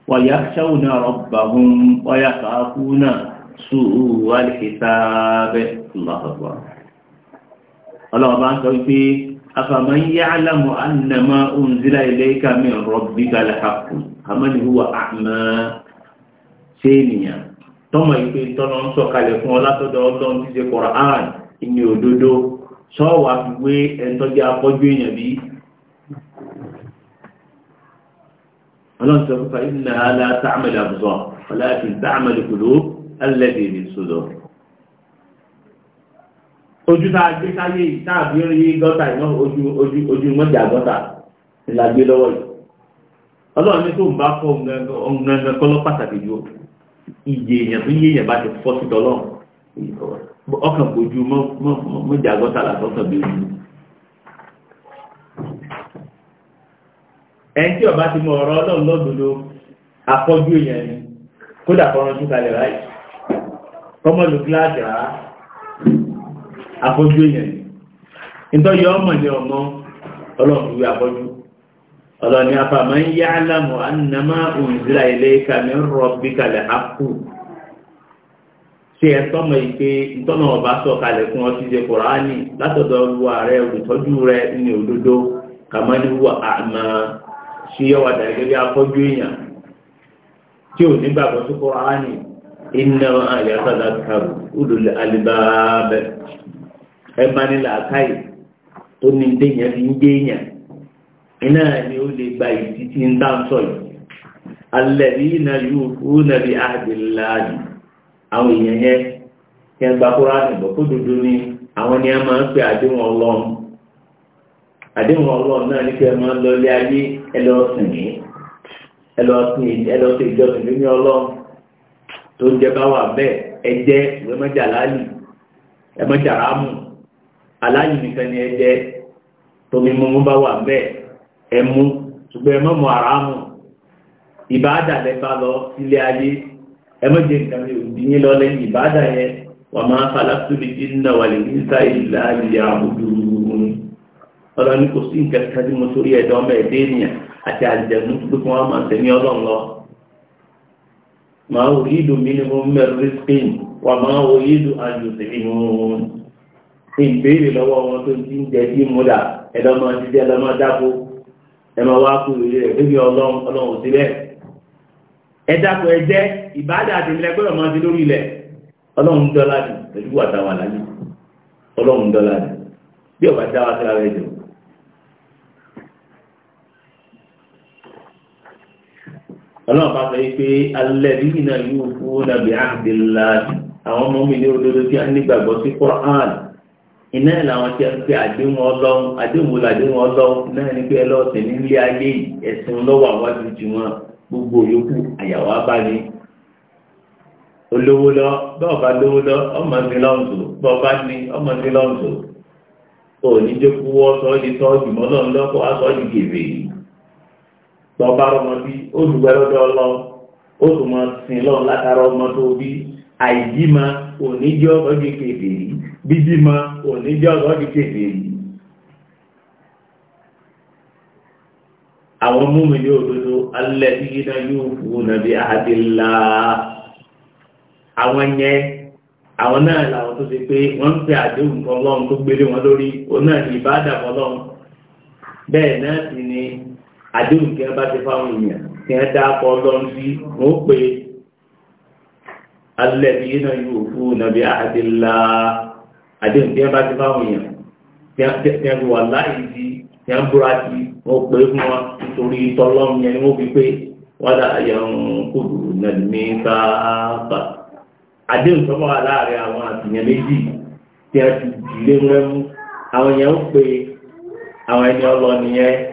ويخشون ربهم ويخافون سوء والحساب الله أكبر الله أبان كويتي أفمن يعلم أن ما أنزل إليك من ربك الحق فمن هو أعمى سينيا tọ́mọ̀ ìpé tọ́nà ń sọ̀kalẹ̀ fún ọlátọ́dọ̀ ọlọ́run ti ṣe Kọ̀rán ìní òdodo sọ́ọ̀wà fi wé ẹ̀ntọ́jú afọ́jú èèyàn bí ọlọ́run sọ fún fa ìlànà aláta àmàlẹ̀ àbùsọ̀ ọlá ti ń tá àmàlẹ̀ kòló alẹ́dẹ̀ ní sódò ojú tá gbé sáyé yìí tá oju oju iná ojú mọ́jà gọ́tà ni lọ́wọ́ yìí ọlọ́run ní tó ń bá fọ́ ọ̀gbọ̀ngàn kọ́lọ́ pàtàkì ju ìyè èèyàn tó yé èèyàn bá ti fọ́ sí tọ́lọ́ ọkàn kojú mọ́jà gọ́tà làtọ́kàn bí ojú ẹni tí ọba ti mọ ọ̀rọ̀ ọlọ́run kọ́mọ ló gíláàsì rárá afọ́jú èèyàn ni nítorí ọmọ ni ọmọ ọlọ́run wí afọ́jú ọlọ́ni afàmọ́ ń yá lámọ̀ ànàmá òǹzílà ilé kàmí rọ̀bì kalẹ̀ àpò ṣe ẹ ìtọ́nà ọba sọ kalẹ̀ fún ọtí ṣe kùránì látọ̀dọ̀ olúwa rẹ olùtọ́jú rẹ ní òdodo àmà ṣíyọ́wà afọ́jú èèyàn tí ò sí إنما يتذكر أولو الألباب ẹ̀ma ni làákàyè tó ni ó lè gba ìdí tí ń dá ń sọ yìí alẹ́bí iná yóò fún nàbí àdìláàdì àwọn èèyàn yẹn kí ẹ gba ni ni a máa ń pè àdéhùn ọlọ́run àdéhùn ọlọ́run tó ń jẹ bá wà bẹ́ẹ̀ ẹjẹ́ ìwé mọ́jà láàlì ẹmọ́jà ráàmù aláàlì nìkan ni ẹjẹ́ tómi mímú bá wà bẹ́ẹ̀ ẹmú ṣùgbọ́n ẹmọ́mọ́ àráàmù ìbáàdà lẹ́bà lọ sílé ayé ẹmọ́jẹ nǹkan mi ò dín yín lọ lẹ́yìn ìbáàdà yẹn wà máa falasúlì jìnnà wà lè ní sáà ìlà àlìyà àbúdúrúurú ọlọ́ni kò sí nǹkan kan tí mo torí ẹ̀dọ́ mẹ́ẹ̀ẹ́dẹ́nìyàn àti àjẹ̀mú tó kún wọn máa tẹ̀mí ọlọ́run lọ ma orídù minimum mẹ́rìndín wà máa orídù àjòsí ìhun ìbéèrè lọ́wọ́ wọn tó ti ń jẹ́ kí múdà ẹ̀dọ́mọ títí ẹ̀dọ́mọ dáko ẹ̀mọ wá kú ìrírí rẹ̀ níbi ọlọ́run ọlọ́run sí bẹ́ẹ̀ ẹ dáko ẹ jẹ́ ìbádà àti ìmìlẹ̀ gbọ́dọ̀ máa ti lórí ilẹ̀ ọlọ́run dọ́là dì pẹ̀lú àtàwọn àlàyé ọlọ́run dọ́là dì bí ọ̀bá dáwà sí ara ẹ̀jọ̀ ọlọ́run bá sọ pé alladhina yufuna bi ahdillahi àwọn ọmọ mi ní olódó tí a nígbàgbọ́ sí Qur'an iná ẹ̀ làwọn tí a ń pè àdéhùn ọlọ́run àdéhùn wò làdéhùn ọlọ́run náà ní pé ẹlọ́ọ̀sìn nílé ayé ẹ̀sìn lọ́wọ́ gbogbo yòókù àyàwó abáni olówó lọ bọ́ọ̀ bá lówó lọ ọmọ sí bọ́ọ̀ bá ní ọmọ sí òní sọ́ọ́ di wá lọ́ba ọmọ bí olùgbẹ́lọ́dọ̀ ọlọ́ ó tún mọ sin lọ látara ọmọ tó bí àìbímọ oníjẹ́ di kèfèrí bíbímọ oníjẹ́ ọ̀rọ̀ di àwọn múmi òdodo alẹ́ yóò fún nàbí àdìlá àwọn yẹn àwọn náà làwọn tó pé wọ́n ń àdéhùn tó gbélé wọn lórí òun náà ní bẹ́ẹ̀ náà sì ni àdéhùn kí wọn bá ti fáwọn èèyàn kí wọn dáàpọ̀ ọlọ́run sí wọn ó pe alẹ́bí iná yóò fún nàbí àdéhùnlá àdéhùn kí wọn bá ti fáwọn èèyàn kí wọn fi wà láì sí kí wọn búra sí wọn ó pe fún wọn nítorí tọlọ́run yẹn ni wọn fi pé wọn dà yẹn kúrò nàdìmí sáábà àdéhùn tó wà láàrin àwọn àtìyàn méjì tí wọn ti dìlé mẹ́mú àwọn yẹn ó pe àwọn ẹni ọlọ́ni yẹn.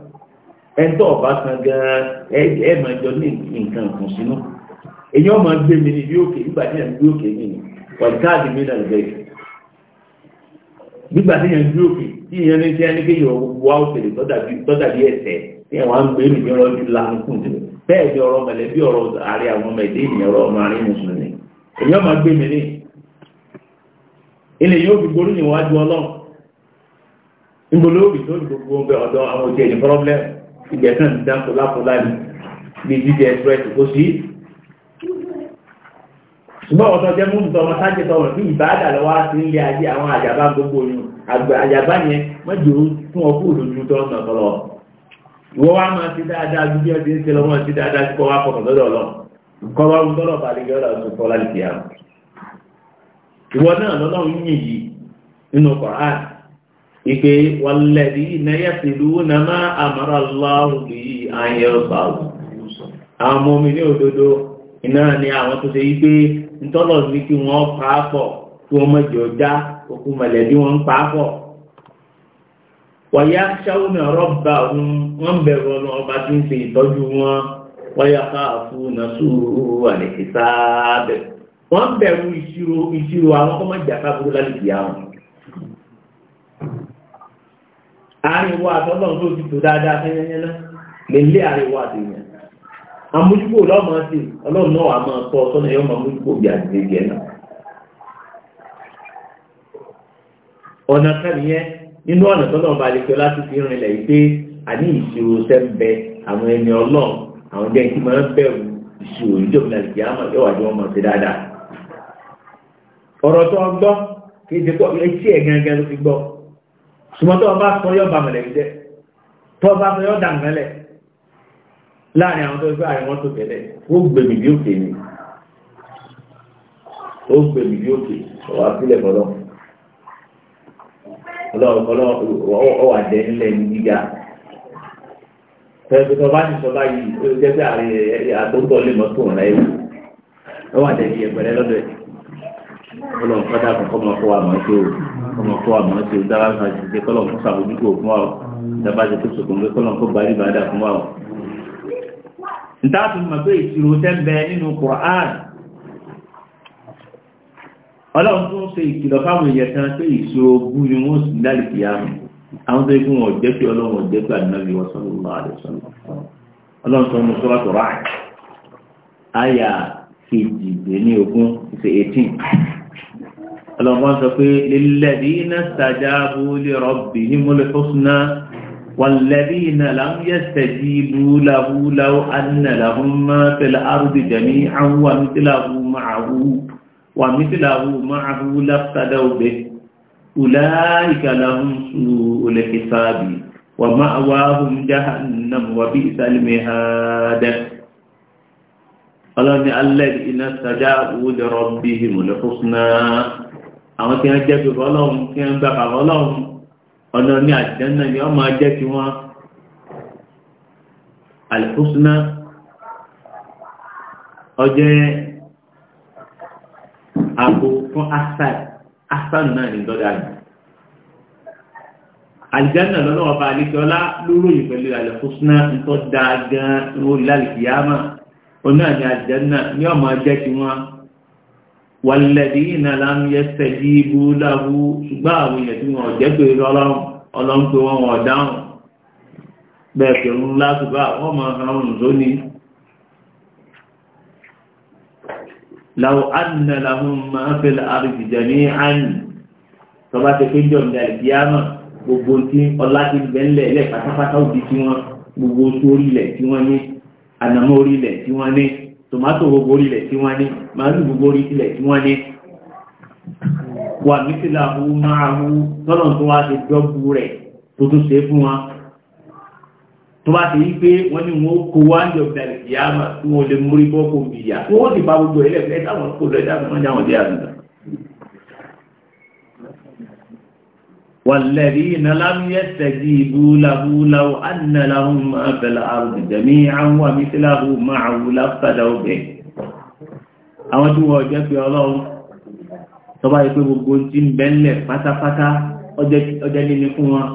ẹ̀ńtọ́ ọ̀bá kan gan ẹ̀ jọ ní nǹkan kan sínú èyí ọmọ gbé mi ní ibi òkè nígbà tí yẹn gbé òkè mi ní ọ̀dìkáàdì mi náà lẹ́yìn nígbà tí yẹn gbé òkè tí yẹn ní kí ẹni kéèyàn wá òkèlè tọ́jà bí ẹ̀sẹ̀ tí wá ń gbé bẹ́ẹ̀ ni ọ̀rọ̀ mẹ̀lẹ́bí ọ̀rọ̀ àárẹ̀ àwọn ọmọ ẹ̀dẹ́ ọ̀rọ̀ ọmọ àárẹ̀ ìgbẹ́ náà ti dá kọlákọlá ní bí jíjẹ express kó sí ṣùgbọ́n ọ̀tọ̀ jẹ́ mú tọmọ sájẹ́ tọmọ bí ìbáàdà lọ́wọ́ sí ilé ayé àwọn àjàbá gbogbo yìí àjàbá yẹn mọ́jọ́ fún ọkú òdòdó tó ọ̀nà tọ́lọ ìwọ́ wá máa ti dáadáa bí ó ti ń ṣe lọ́wọ́ ti dáadáa sí kọ́wá kọ̀ọ̀kan lọ́dọ̀ lọ kọ́wá ń tọ́lọ̀ balẹ̀ yọ́dọ̀ tó tọ́lá ìfìyà ìwọ náà lọ́lọ́run yìnyín yìí nínú kọ̀ọ̀án ìpè wàlẹ́bí nẹ́yẹ̀sìlú na máa àmàrà aláhùn bí i ayẹ ọ̀bàwù àwọn ọmọ mi ní òdodo iná ni àwọn tó ṣe wípé ntọ́lọ̀ ní kí wọ́n pàápọ̀ kí wọ́n mọ̀jì ọjà òkú mọ̀lẹ́bí wọn pàápọ̀ wọ̀yá ṣáwọn rọ́bà wọn bẹ̀rù ọba tí ń ṣe ìtọ́jú wọn wọ́yá káàfù nàṣúrù ìṣirò àwọn kọ́mọ̀jà lálẹ́ àárín wa àtọ́lọ́n tó ti tò dáadáa fẹ́yẹnyẹ́ná lè lé àríwá àdèyàn amójúkò lọ́mọ sí ọlọ́run náà wà máa ọ̀tọ́nà yóò bí náà ọ̀nà kàníyẹn nínú ọ̀nà lè fi ọlá fi rinlẹ̀ yìí àní sẹ́ńbẹ àwọn ẹni ọlọ́run àwọn jẹ́ kí máa ń bẹ̀rù ìjọba ṣùgbọ́n tó ọba sọ yọ́ bàmẹ̀lẹ̀ jẹ́ tó ọba sọ yọ́ dàmẹ́lẹ̀ láàrin àwọn tó ń gbé àríwọ́n tó tẹ̀lẹ̀ ó gbèmì bí òkè ni ó gbèmì bí òkè ọ̀wá sílẹ̀ bọ́lọ́ ọlọ́ọ̀kọ́lọ́ ọwà jẹ́ nílẹ̀ ní gíga pẹ̀lú tó bá ti sọ báyìí ó jẹ́ pé àtúntò lè mọ́ tó rẹ̀ wò ọwà jẹ́ bí ẹgbẹ̀rẹ́ lọ́dọ̀ ẹ̀ ọlọ́ọ̀kọ́dà kọ́kọ́ mọ́ fọwọ́ àmọ́ tó rò ọmọ fún àmọ́ ṣe dára náà ti ṣe kọ́lọ̀ fún sàbójúkò fún wa dábàá ṣe tó sọ̀kùn pé kọ́lọ̀ fún bàrí bàdà fún wa o. ntaàtù mọ̀ pé ìṣirò tẹ́ bẹ nínú Qur'an ọlọ́run tó ń ṣe ìkìlọ̀ fáwọn èèyàn kan pé ìṣirò bú ni wọ́n sì dálì fi àmì àwọn tó ikú wọn jẹ́ pé ọlọ́run ò pé ànábì wọ́n sọ́nù lọ́wọ́ àdẹ́sọ́nù ọlọ́run tó ń mú sọ́rọ́ tó ráàyè áyà kejì dé ní ogún ṣe eighteen ọlọ́gbọ́n sọ pé lilladhina stajabu li rabbihimul husna والذين لم يستجيبوا له لو أن لهم ما في الأرض جميعا ومثله معه ومثله معه لافتدوا به أولئك لهم سوء الحساب ومأواهم جهنم وبئس المهاد قال الذين استجابوا لربهم الحسنى àwọn tí wọ́n jẹ́ bíbọ́ ọlọ́run tí wọ́n gba bàbá ọlọ́run ọ̀nà ní àjẹ́nà ni wọ́n máa jẹ́ ti wọ́n alìkúsúná ọjẹ́ ààbò fún asad asad náà ní dọ́dà rẹ̀ àjẹ́nà lọ́nà ọba àlejọ́lá lóròyìn pẹ̀lú alìkúsúná nítọ́ dáa gan-an ní orí lálìkìyàmà onáà ní àjẹ́nà ni wọ́n máa jẹ́ ti wọ́n wàlẹ́dínà lámúyẹ sẹ́jì ibú láhú ṣùgbọ́n àwọn èèyàn tí wọ́n jẹ́ pé ọlọ́run ọlọ́run pé wọ́n wọ́n dáhùn bẹ́ẹ̀ pé ń lá ṣùgbọ́n wọ́n máa ń rọrùn lóní. láwọ àdínà làwọn máa ń fẹ́lẹ̀ àrùjìjẹ́ ní àní tọ́ba ti pé tòmátò gbogbo orílẹ̀ tí wọ́n ní màálù gbogbo orílẹ̀ tí wọ́n ní wà mísílà ohun máa hú tọ́nà tó wá ṣe dọ́gbù rẹ̀ tó tó ṣe fún wọn tó bá ṣe yí pé wọ́n ní wọ́n kó wá ń jọ ìyá mà tí wọ́n lè múrí bọ́ kó bìyà wọ́n ti bá gbogbo ilẹ̀ والذين لم يستجيبوا له لو أن لهم ما في الأرض جميعا ومثله معه لافتدوا به àwọn tí wọ́n jẹ́ pé ọlọ́run tó bá ipé gbogbo tí ń bẹ́ńlẹ̀ pátápátá ọjẹ́ nínú fún wọn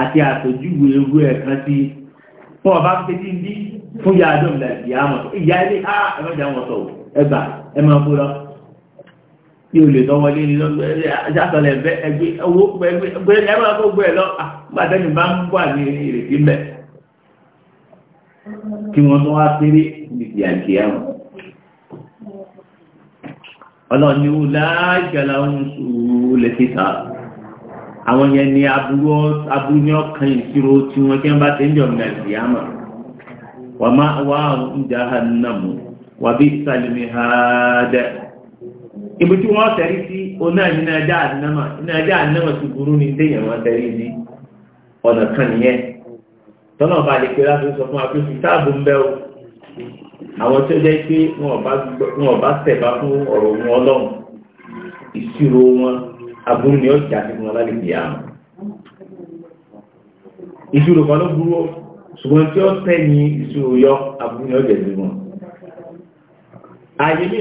àti àtòjúwò ewu ẹ̀kan sí fún ọba pẹ́tí ní fún yàádọ́ ìlàjì àmọ̀ ìyá ilé ààrẹ́jà wọn sọ̀rọ̀ ẹgbà ẹmọ fúnra ní olè lọ́wọ́ lé ní lọ́gbẹ̀ẹ́ ẹgbẹ́ owó pẹ̀lú ẹgbẹ́ tó gbé bá ń wà ní ìrètí mẹ́ kí wọ́n tó wá àjẹ́ àwọn ọlọ́ni àwọn yẹn ni aburú ibi tí wọ́n tẹ̀rí sí oná àdínámà àdínámà burú ní déyàn wọn tẹ̀rí sí ọ̀nà kan nìyẹn tọ́nà bá lè pé láti sọ fún akpé táàbù ń bẹ́ o àwọn tí ó jẹ́ pé ọba tẹ̀bá fún ọ̀rọ̀ wọn ọlọ́run ìṣirò wọn aburú ni ó jà sí wọn lálẹ́ ìyá wọn ìṣirò kan ló burú o ṣùgbọ́n tí ó ìṣirò yọ wọn. àyè mí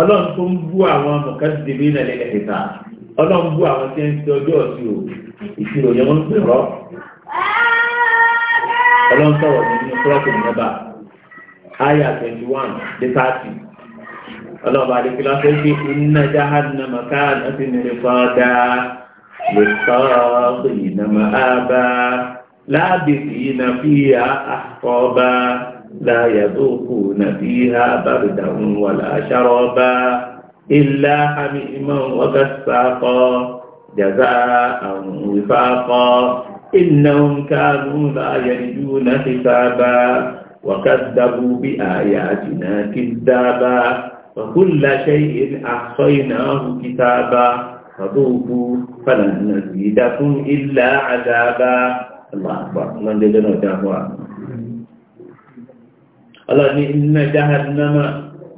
ọlọ́run tó ń bú àwọn mọ̀kàdìdìbí náà lẹ́lẹ́ ìta ọlọ́run bú àwọn tí ń ti ọjọ́ ọ̀sí o ìṣirò yẹn wọ́n ń pè rọ́ ọlọ́run sọ̀rọ̀ nínú fúlọ́ọ̀kì nọ́bà áyà twenty one dé thirty ọlọ́run bá dé kílá fẹ́ gbé iná jáhánà màkà láti nílé fọ́dà lè sọ ìnàmọ́ àbá láàbì ìnàfíà àkọ́bá. لا يذوقون فيها بردا ولا شرابا إلا حميما وغساقا جزاء وفاقا إنهم كانوا لا يرجون حسابا وكذبوا بآياتنا كذابا وكل شيء أحصيناه كتابا فذوقوا فلن نزيدكم إلا عذابا الله أكبر من جدنا جاهوا ọlọ́ni iná jahannama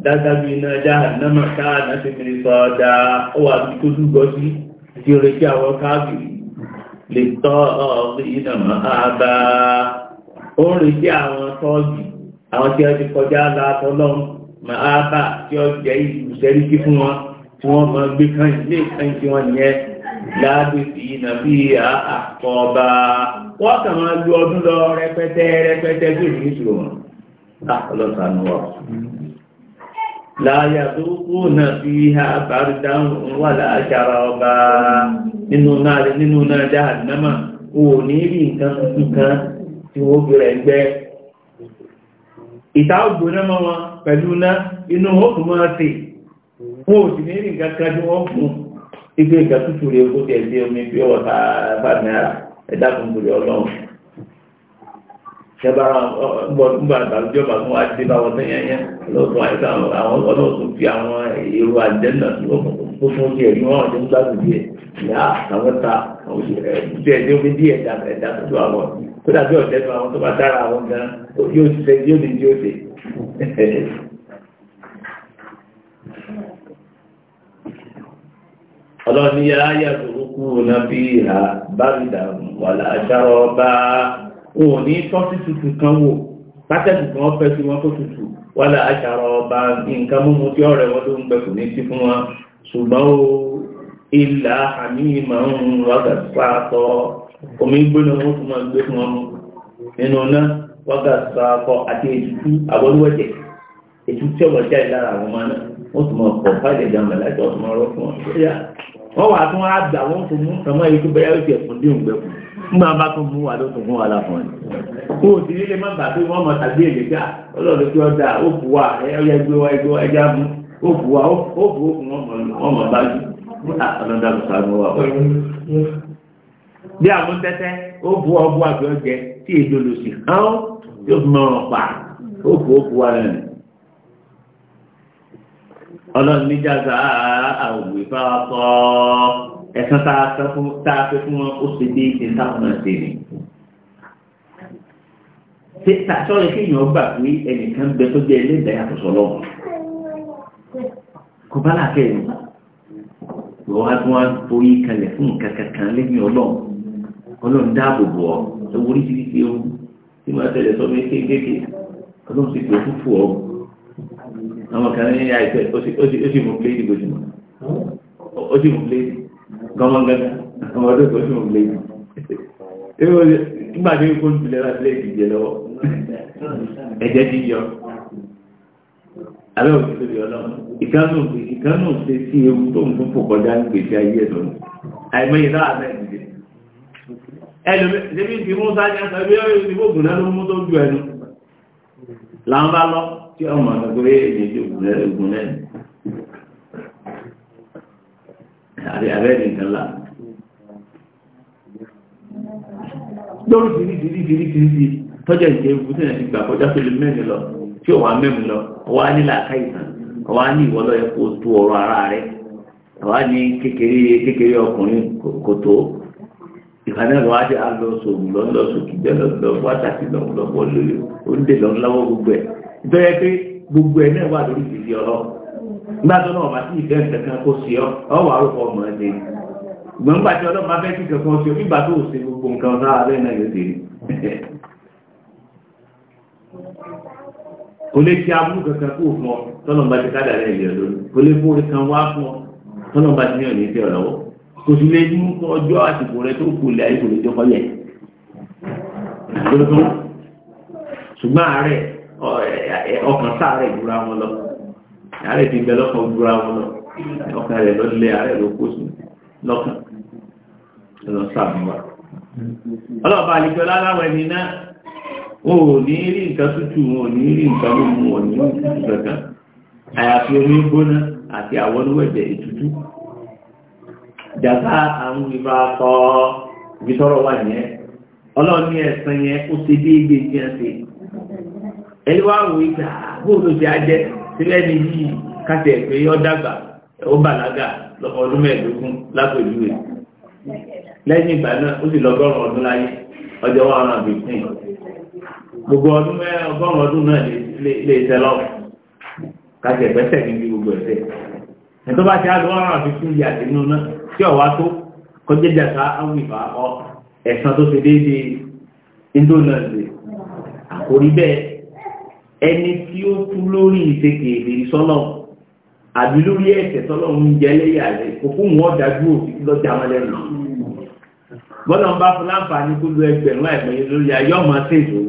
dájábí iná jahannama káàdá ti fi sọ́ọ̀dá ó wà bí tó dúgọ́ sí tí ó rẹ̀ kí àwọn káàkiri lè tọ́ ọ̀ọ̀sí iná àbá ó rẹ̀ kí àwọn tọ́ọ̀gì àwọn tí ó ti kọjá látọ́ lọ́n máa bá tí ó jẹ́ ìṣẹ́rí kí wọ́n kàn máa lu ọdún lọ rẹpẹtẹ rẹpẹtẹ sí ìṣòro ọlọ́sànú wa láyà tó kú náà fi ha bàrí dáhùn wà láàṣàrà ọba nínú náà nínú náà jáàdì náà o ní rí nǹkan tuntun kan tí wọ́n fi rẹ̀ gbẹ́ ìta ògbò náà mọ́ wọn pẹ̀lú náà ìgbé ìgbà tútù rẹ̀ kó tẹ̀ sí omi bí ọ̀tá bá náírà ẹ̀dá kan kò ọlọ́run sẹ́bàrà ńgbà àgbàjọba fún adébáwọ̀ tẹ́yẹnyẹ lọ́tún àìsàn àwọn ọlọ́tún fi àwọn èrò àjẹ́nà tó fún sí ẹ̀rí wọn ọdún gbàgbé díẹ̀ ní àwọn ta ṣe ẹ̀dẹ́ omi díẹ̀ ẹ̀dá tó àwọn tó dàbí ọ̀tẹ́ tó àwọn tó bá dára àwọn gan yóò ṣiṣẹ́ yóò ní yóò ṣe. ọlọ́ni yáyà tó kú náà bí ìhà bá rí dàrú wàlá aṣáró bá wọn ò ní tọ́sí tutù kan wò pátẹ́kù kan fẹ́ sí wọn tó tutù wálé aṣàrọ̀ ọba nǹkan mímu tí ọ̀rẹ́ wọn tó ń gbẹ kò ní sí fún wọn ṣùgbọ́n o ilà àmì máa ń wágà pàtó omi gbóná wọn tó máa gbé fún wọn mu nínú náà wágà pàtó àti ètùtù àbọ̀lúwẹ̀jẹ̀ ètùtù ọ̀wọ̀ jáde lára àwọn ọmọ náà wọ́n tún máa pọ̀ fáìlì ìjàmbá láti ọ̀tún ọ̀rọ̀ fún wọn. wọ́n wà tún á gbà wọ́n tún mú kàmá yìí tó bẹ́yà ó ti ẹ̀fún dín òǹgbẹ́kùn máa bá tún fún wa ló tún fún wa láfún ẹ̀. kó o sì nílé má gbà pé wọ́n mọ̀ tàbí èlé gbà ọlọ́run tí ọjà ó fún wa ẹ̀yà ẹgbẹ́ wa ẹgbẹ́ wa ẹja mú ó fún wa ó fún òkun wọ́n mọ̀ bá jù ọlọ́dà kò sáré wa. bí àwọn tẹ́tẹ́ ó fún ọ fún àgbẹ̀ ọjẹ tí èdè olùsìn hàn yóò fi mọ̀ ọ́n pa ó fún òkun wa lẹ́nu. ọlọ́run níjà sáà àwòrán ìfowópamọ́ ẹ̀sán táa fẹ́ fún wọn ó ṣe dé ìtàkùn náà ṣe ni sọ́ọ̀rẹ́ kí èèyàn gbà pé ẹnìkan bẹ tó jẹ́ ẹlẹ́dàá yàtọ̀ sọ́lọ́ kò bá láàfẹ́ ẹ̀rù wọ́n á tún wá forí kalẹ̀ fún nǹkan kankan lẹ́yìn ọlọ́run ọlọ́run dáàbò bò ọ́ ewu oríṣiríṣi ewu tí wọ́n tẹ̀lé sọ́mọ kéékèèké ọlọ́run ti pè fúfú ọ́ àwọn kan ní àìsẹ́ ó sì mú pléèdì gbòjúmọ́ ó sì mú pléèdì gọmọgẹ́gẹ́ ọmọ ọdún tó tún lè nígbà tí kò tún lẹ́ra sílẹ̀ ìdíje lọ́wọ́ ẹ̀jẹ̀ ti yọ alẹ́ òkè lórí ọlọ́run ìkánú ṣe sí ewu tó ń tún fò kọjá ní gbèsè ayé ẹ̀ lọ́nà àìmọye lára náà ìdíje ẹlòmí ti mú sáájá sọ bí ó ti gbógun náà ló mú tó ju ẹnu làwọn àti abẹ́rẹ́ nìkan là. lórí dìrí dìrí dìrí dìrí dìrí tọ́jà ìjẹ́ ikú tí ìrìn ìgbà kọjá tó lè mẹ́rin lọ tí òwà mẹ́rin lọ ọwá nílà káìsàn ọwá ní ìwọ́lọ́ yẹ kó tó ọ̀rọ̀ ara rẹ̀ ọwá ní kékeré kékeré ọkùnrin kò tó ìkànnì ọ̀rọ̀ wájú alọ́sọ̀rọ̀ lọ́lọ́sọ̀kì jẹ́ lọ́lọ́ wákàtí lọ́wọ́ lórí oúnjẹ lọ́lọ́wọ́ gbogbo ẹ̀ nítorí pé gbogbo ẹ̀ náà wà lórí ìdíje ọlọ́run gbádùn náà bá sí ìfẹ́ ìtẹ̀kan kó sí ọ ọwọ́ àrùkọ ọmọ ẹ̀ gbọ́n nígbà tí ọlọ́pàá fẹ́ kí kankan sí ọ nígbà tó ò sí gbogbo nǹkan ọ̀sán abẹ́ náà yóò dé kò lè abúlé kankan ọ tọ́lọ́mbà ti ká dàrẹ́ ìlẹ̀ lórí kò ọ tọ́lọ́mbà ti ní ìfẹ́ ọ̀lọ́wọ́ kò sì lè ààrẹ ti gbẹ lọ́kàn gbúra wọn lọ ọkàn rẹ̀ lọ lé ààrẹ ló kó lọ àlejò ẹni náà wọn ò ní rí nǹkan tuntun wọn ò ní rí nǹkan mímu wọn ní tútù kankan àyàfi omi gbóná àti àwọn oníwẹ̀jẹ̀ ìtútù. àwọn ìfà kọ́ ibi tọrọ wà yẹn ẹ̀sán yẹn ó ti dé ibi ìjẹun ẹni wá sílẹ̀ ní yìí kásẹ̀ pé ó dàgbà ó bàlágà ọdún mẹ́ẹ̀ẹ́dógún lápèjúwe lẹ́yìn ìgbà náà ó sì lọ́gọ́rùn-ún ọdún láyé ọjọ́ wa ọ̀ràn fifteen gbogbo ọdún mẹ́rin ọgọ́rùn-ún ọdún náà lè ṣe lọ́wọ́ kásẹ̀ pẹ́sẹ̀ níbi gbogbo ẹ̀sẹ̀ ẹ̀tọ́ bá ti á lọ́wọ́ ọ̀ràn fifteen yà sínú náà tí ọ̀wá ẹni tí ó kú lórí ìṣèkè ìlérí sọ́nà àbí lórí ẹ̀ṣẹ̀ sọ́nà ń jẹ lẹ́yà rẹ̀ kò fún wọn dájú òfin lọ́jà wọn lẹ́nu bọ́lá ń bá fún láǹfààní kó lo ẹgbẹ̀rún àìmọye lórí ayé ọmọ sí ìlú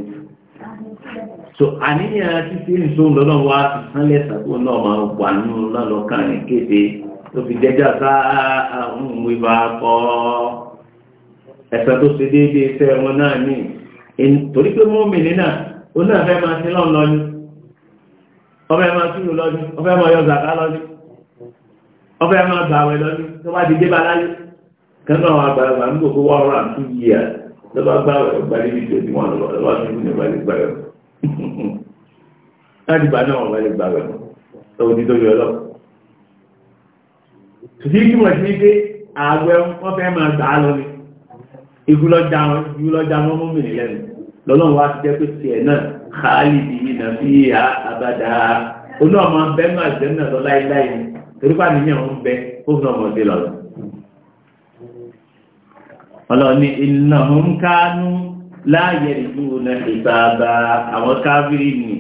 so àníyàn títí ìṣó lọ́nà wa ti sán lẹ́sà tó náà máa wà nínú lọ́lọ́kàn rẹ̀ kéde tó fi jẹ́jà sá àwọn òwe bá kọ́ ẹ̀sẹ̀ tó ṣe déédéé iṣẹ́ wọn náà ní torí pé mọ́mìnì náà òun náà fẹ́ máa sílọ̀ lọ́ní ọfẹ́ máa túnú lọ́ní ọfẹ́ máa yọ zàká lọ́ní ọfẹ́ máa gbàwẹ̀ lọ́ní tó bá ti dé bá láyé kẹ́ńtà àwọn àgbàlagbà ń gbòkó wọ́n rà tún yí à tó bá gbàwẹ̀ gbalẹ̀ ní ìjọba wọn lọ lọ́wọ́ tó ní ìbàlẹ̀ gbàwẹ̀ láti bá náà wọ́n lè gbàwẹ̀ lọ́wọ́ tí tó yọ lọ. tùtù kí wọ́n ti dé àgbẹ̀ wọ́n fẹ́ máa gbà á lọ ní ikú lọ́jà wọn ikú lọ́jà wọn mú mi nìyẹn lọ́lọ́run wá ti jẹ́ pé tiẹ̀ náà káàlì di iná bí ìhà abada onú ọmọ bẹ́ẹ̀ náà jẹ́ náà lọ láíláí ni torí bá nìyẹn ń bẹ ó fi ọmọdé lọ. ọlọ́ni iná ń kánú láàyè ìlú náà ìbáàbá àwọn káfíìrì nì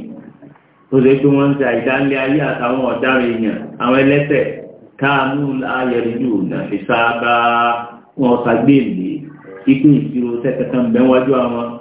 ó lè pé wọ́n ń ṣe àìdánlé ayé àtàwọn ọ̀daràn èèyàn àwọn ẹlẹ́ṣẹ̀ káànú láàyè ìlú náà ìbáàbá wọn ṣàgbéèlé ikú ìṣirò tẹ́tẹ̀kan bẹ́ẹ̀ àwọn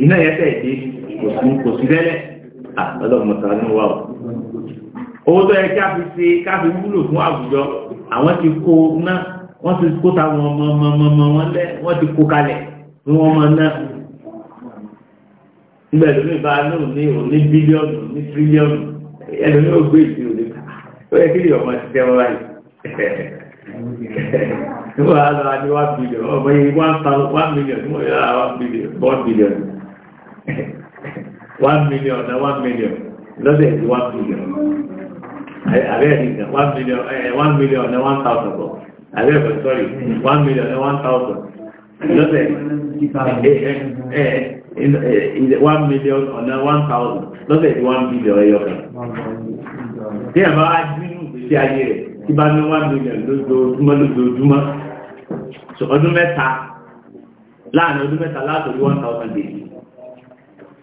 iná yẹn tẹ̀ dé kò sí kò sí lẹ́lẹ̀ wà ó owó tó yẹ kí a fi ṣe wúlò fún àwùjọ àwọn ti kó ná wọ́n ti kó ta wọn wọn lẹ́ wọ́n ti kó kalẹ̀ nígbà bá ní bílíọ̀nù ní tírílíọ̀nù ò ìdí ó yẹ kí ni ọmọ ti tẹ́ wọn báyìí nígbà one ọmọ yìí one one million wọ́n one billion one million na one million lọ́dẹ̀ ti one million eh, one million million na one thousand bọ̀ àbẹ́ẹ̀bẹ̀ sorry one million na one thousand lọ́dẹ̀ eh, eh, one million na one thousand lọ́dẹ̀ ti one million ẹyọ kan tí a bá dínú ìgbésí ayé rẹ̀ tí bá ní one million lójoojúmọ́ lójoojúmọ́ ọdún mẹ́ta láàrin ọdún mẹ́ta látòrí one thousand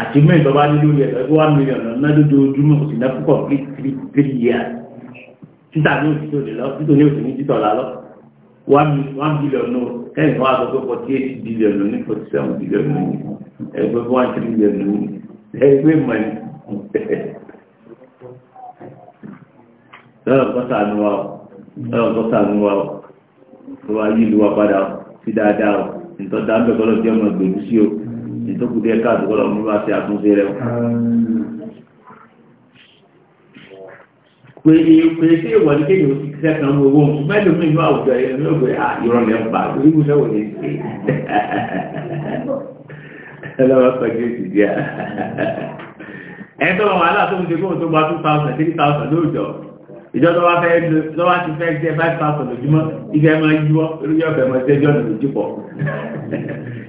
àti mẹ́ ìjọba nílò rẹ̀ ẹgbẹ́ wá mílíọ̀nù náà lójoojúmọ́ kò sì ná púpọ̀ bí tírí yíyá títà ní òtítọ́ lè lọ títò ní òtítọ́ títọ̀ lálọ́ wá mílíọ̀nù kẹ́yìn wá sọ pé forty eight bílíọ̀nù ní forty seven bílíọ̀nù ní ẹgbẹ́ one tírílíọ̀nù ní ẹgbẹ́ mọ̀ní. lọ́rọ̀ kọ́sà ni wa ọ́ lọ́rọ̀ kọ́sà ni wa ọ́ tó wá yí ìlú wa padà sí dáadáa ọ́ ìtọ́jà ìtòkù díẹ̀ káàdùn kọ́ lọ́mú wá sí àtúnṣe rẹ̀ pé pé sí ìwọ̀ kéde òsì kíkẹ́ kan owó mẹ́lò mi ní àwùjọ ẹ̀yẹ ní ògbé à ìrọ̀lẹ́ ń pa lórí ìwúṣẹ́ wò ní sí ẹlọ́wọ́ pẹ̀lú ti díẹ̀ ẹ̀ tó wọn wàhálà tó ń ṣe kóhùn tó gba two thousand three thousand lóòjọ́ ìjọ tó wá fẹ́ lọ wá ti fẹ́ jẹ five thousand lójúmọ́ ìfẹ́ máa yíwọ́ lórí ọ̀fẹ́ máa jẹ́ jọ́nà lójú pọ̀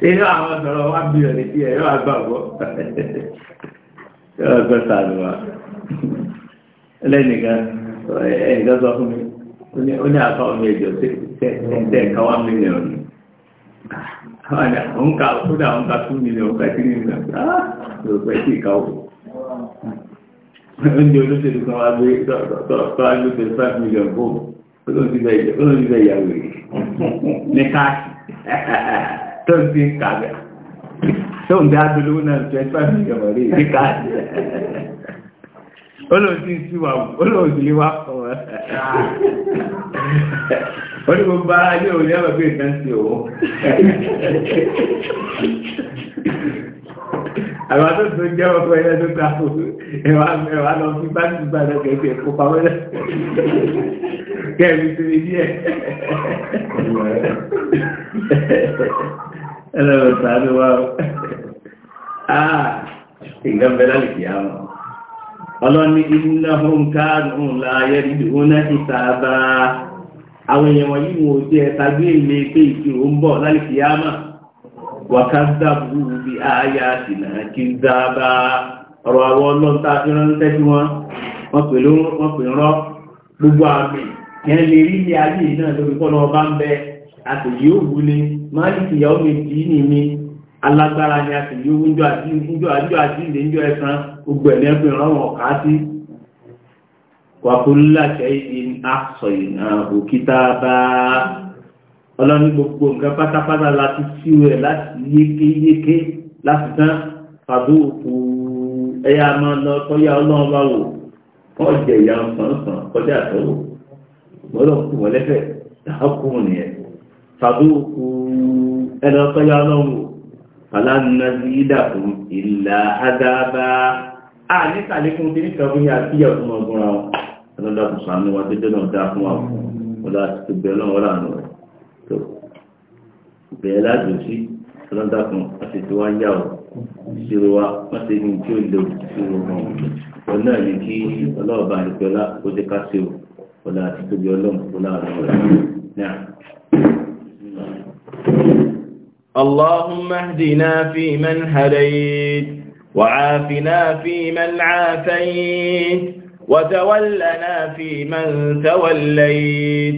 inú àwọn sọ̀rọ̀ wá bí ọ̀rẹ́ tí ẹ̀rọ àgbàgbọ́ yóò gbọ́ sàlùwà lẹ́nìkan ẹ̀ẹ́dọ́ sọ fún mi ó ní àkọ́ mi ẹ̀jọ̀ tẹ̀ ẹ̀ka wá mílíọ̀nù àwọn ọ̀nkà kódà ọ̀nkà two mílíọ̀nù ọ̀nkà three mílíọ̀nù ah ló oúnjẹ olóṣèlú kan wá gbé tọ́wá gbé twenty five million fóònù ó lóun ti bẹ ìyàwó rẹ̀ ní káàkiri tó ń ti kàgbà tó ń bẹ adolówó náà twenty five million rẹ̀ ní káàkiri olóhùn ti sí wa olóhùn lé wa kọ́ ẹ olùkọ́ bá ayé òun yàrá pé nǹkan ti òun àwọn àtúntò jẹ́ ọkọ ẹ̀yẹ́ tó ta kò ẹ̀wà lọ sí báńkì gbàdọ̀ kẹ̀kẹ́ kó pamọ́ lẹ́ kẹ́ẹ̀mí síbi díẹ̀ ẹlẹ́wọ̀n sàánú wa áà nǹkan bẹ́ẹ̀ lálẹ́ kìí àmọ́ ọlọ́ni ìnáhùn káàdùn láàyè ìdúnà ìtàbà àwọn èèyàn wọ̀nyí wò jẹ́ ẹ̀ta gbé pé ìṣirò ń bọ̀ lálẹ́ kìí wàkàndàbù bí ayé àtìnà kí ń dábà ọ̀rọ̀ àwọn ọlọ́ta tí wọ́n ń tẹ́jú wọn wọ́n pè ló wọ́n pè rán gbogbo àmì yẹn lè rí ilé ayé náà lórí kọ́nà ọba ń bẹ àtòyí òwú ni máa ní ìyàwó mi dì í nì mi alágbára ni àtòyí òwú ńjọ àti ńjọ àjọ àti ìlé ńjọ ẹ̀sán gbogbo ẹ̀mí ẹ̀pẹ̀ rán wọn ọ̀ká sí wàkúńlá ṣẹ́yìn àṣọ ìnà òkìtà bá ọlọ́ni gbogbo nǹkan pátápátá láti tí rẹ̀ láti yékéyéké láti tán fàbí òkú ẹyà máa lọ tọ́yà ọlọ́run bá wò kọ́ jẹ ìyá sàn-sàn kọjá àtọ́wò gbọ́dọ̀ kù wọ́n lẹ́fẹ̀ dákù nìyẹn fàbí òkú ẹlọ tọ́yà ọlọ́run wò fàlànà sí ìdàkùn ìlà àdáàbá a ní sàlékún tí nìkan fún yà sí ọ̀tún ọgbọ́n tó bẹ̀rẹ̀ ládùn sí ọlọ́dà kan wọ́n ti ti wá yá o ìṣirò wa wọ́n ti ní tí ó lè ìṣirò wọn wọn náà ní kí ọlọ́ọ̀bá àdìpẹ́lá ó ti ká sí o ọ̀la àti tóbi ọlọ́run tó láàrin ọ̀la náà. اللهم اهدنا فيمن هديت وعافنا فيمن عافيت وتولنا فيمن توليت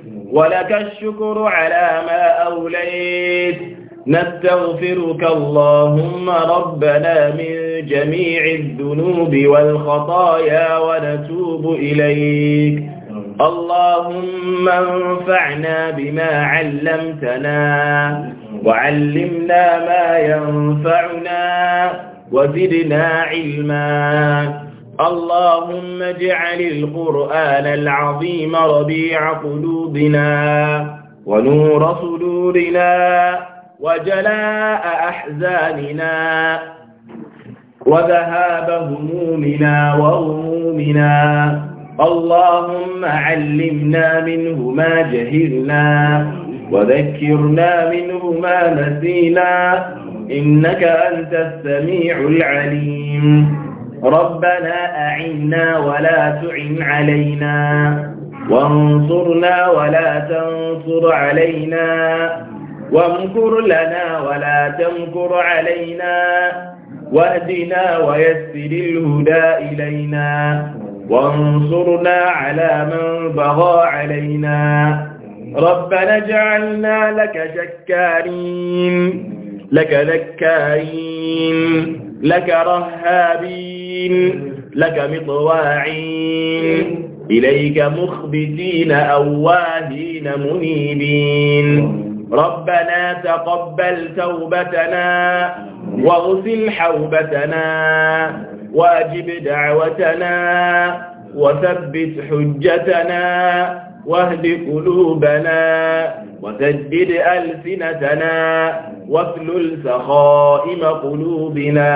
ولك الشكر على ما أوليت نستغفرك اللهم ربنا من جميع الذنوب والخطايا ونتوب إليك اللهم انفعنا بما علمتنا وعلمنا ما ينفعنا وزدنا علما اللهم اجعل القرآن العظيم ربيع قلوبنا ونور صدورنا وجلاء أحزاننا وذهاب همومنا وغمومنا اللهم علمنا منه ما جهلنا وذكرنا منه ما نسينا إنك أنت السميع العليم ربنا أعنا ولا تعن علينا وانصرنا ولا تنصر علينا وامكر لنا ولا تمكر علينا واهدنا ويسر الهدى إلينا وانصرنا على من بغى علينا ربنا اجعلنا لك شكارين لك ذكاين لك رهابين لك مطواعين إليك مخبتين أواهين منيبين ربنا تقبل توبتنا واغسل حوبتنا واجب دعوتنا وثبت حجتنا واهد قلوبنا وسدد ألسنتنا واسلل سخائم قلوبنا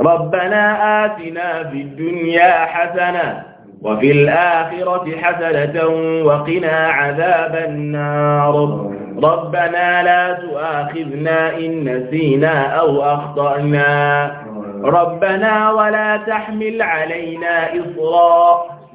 ربنا آتنا في الدنيا حسنة وفي الآخرة حسنة وقنا عذاب النار ربنا لا تؤاخذنا إن نسينا أو أخطأنا ربنا ولا تحمل علينا إصرا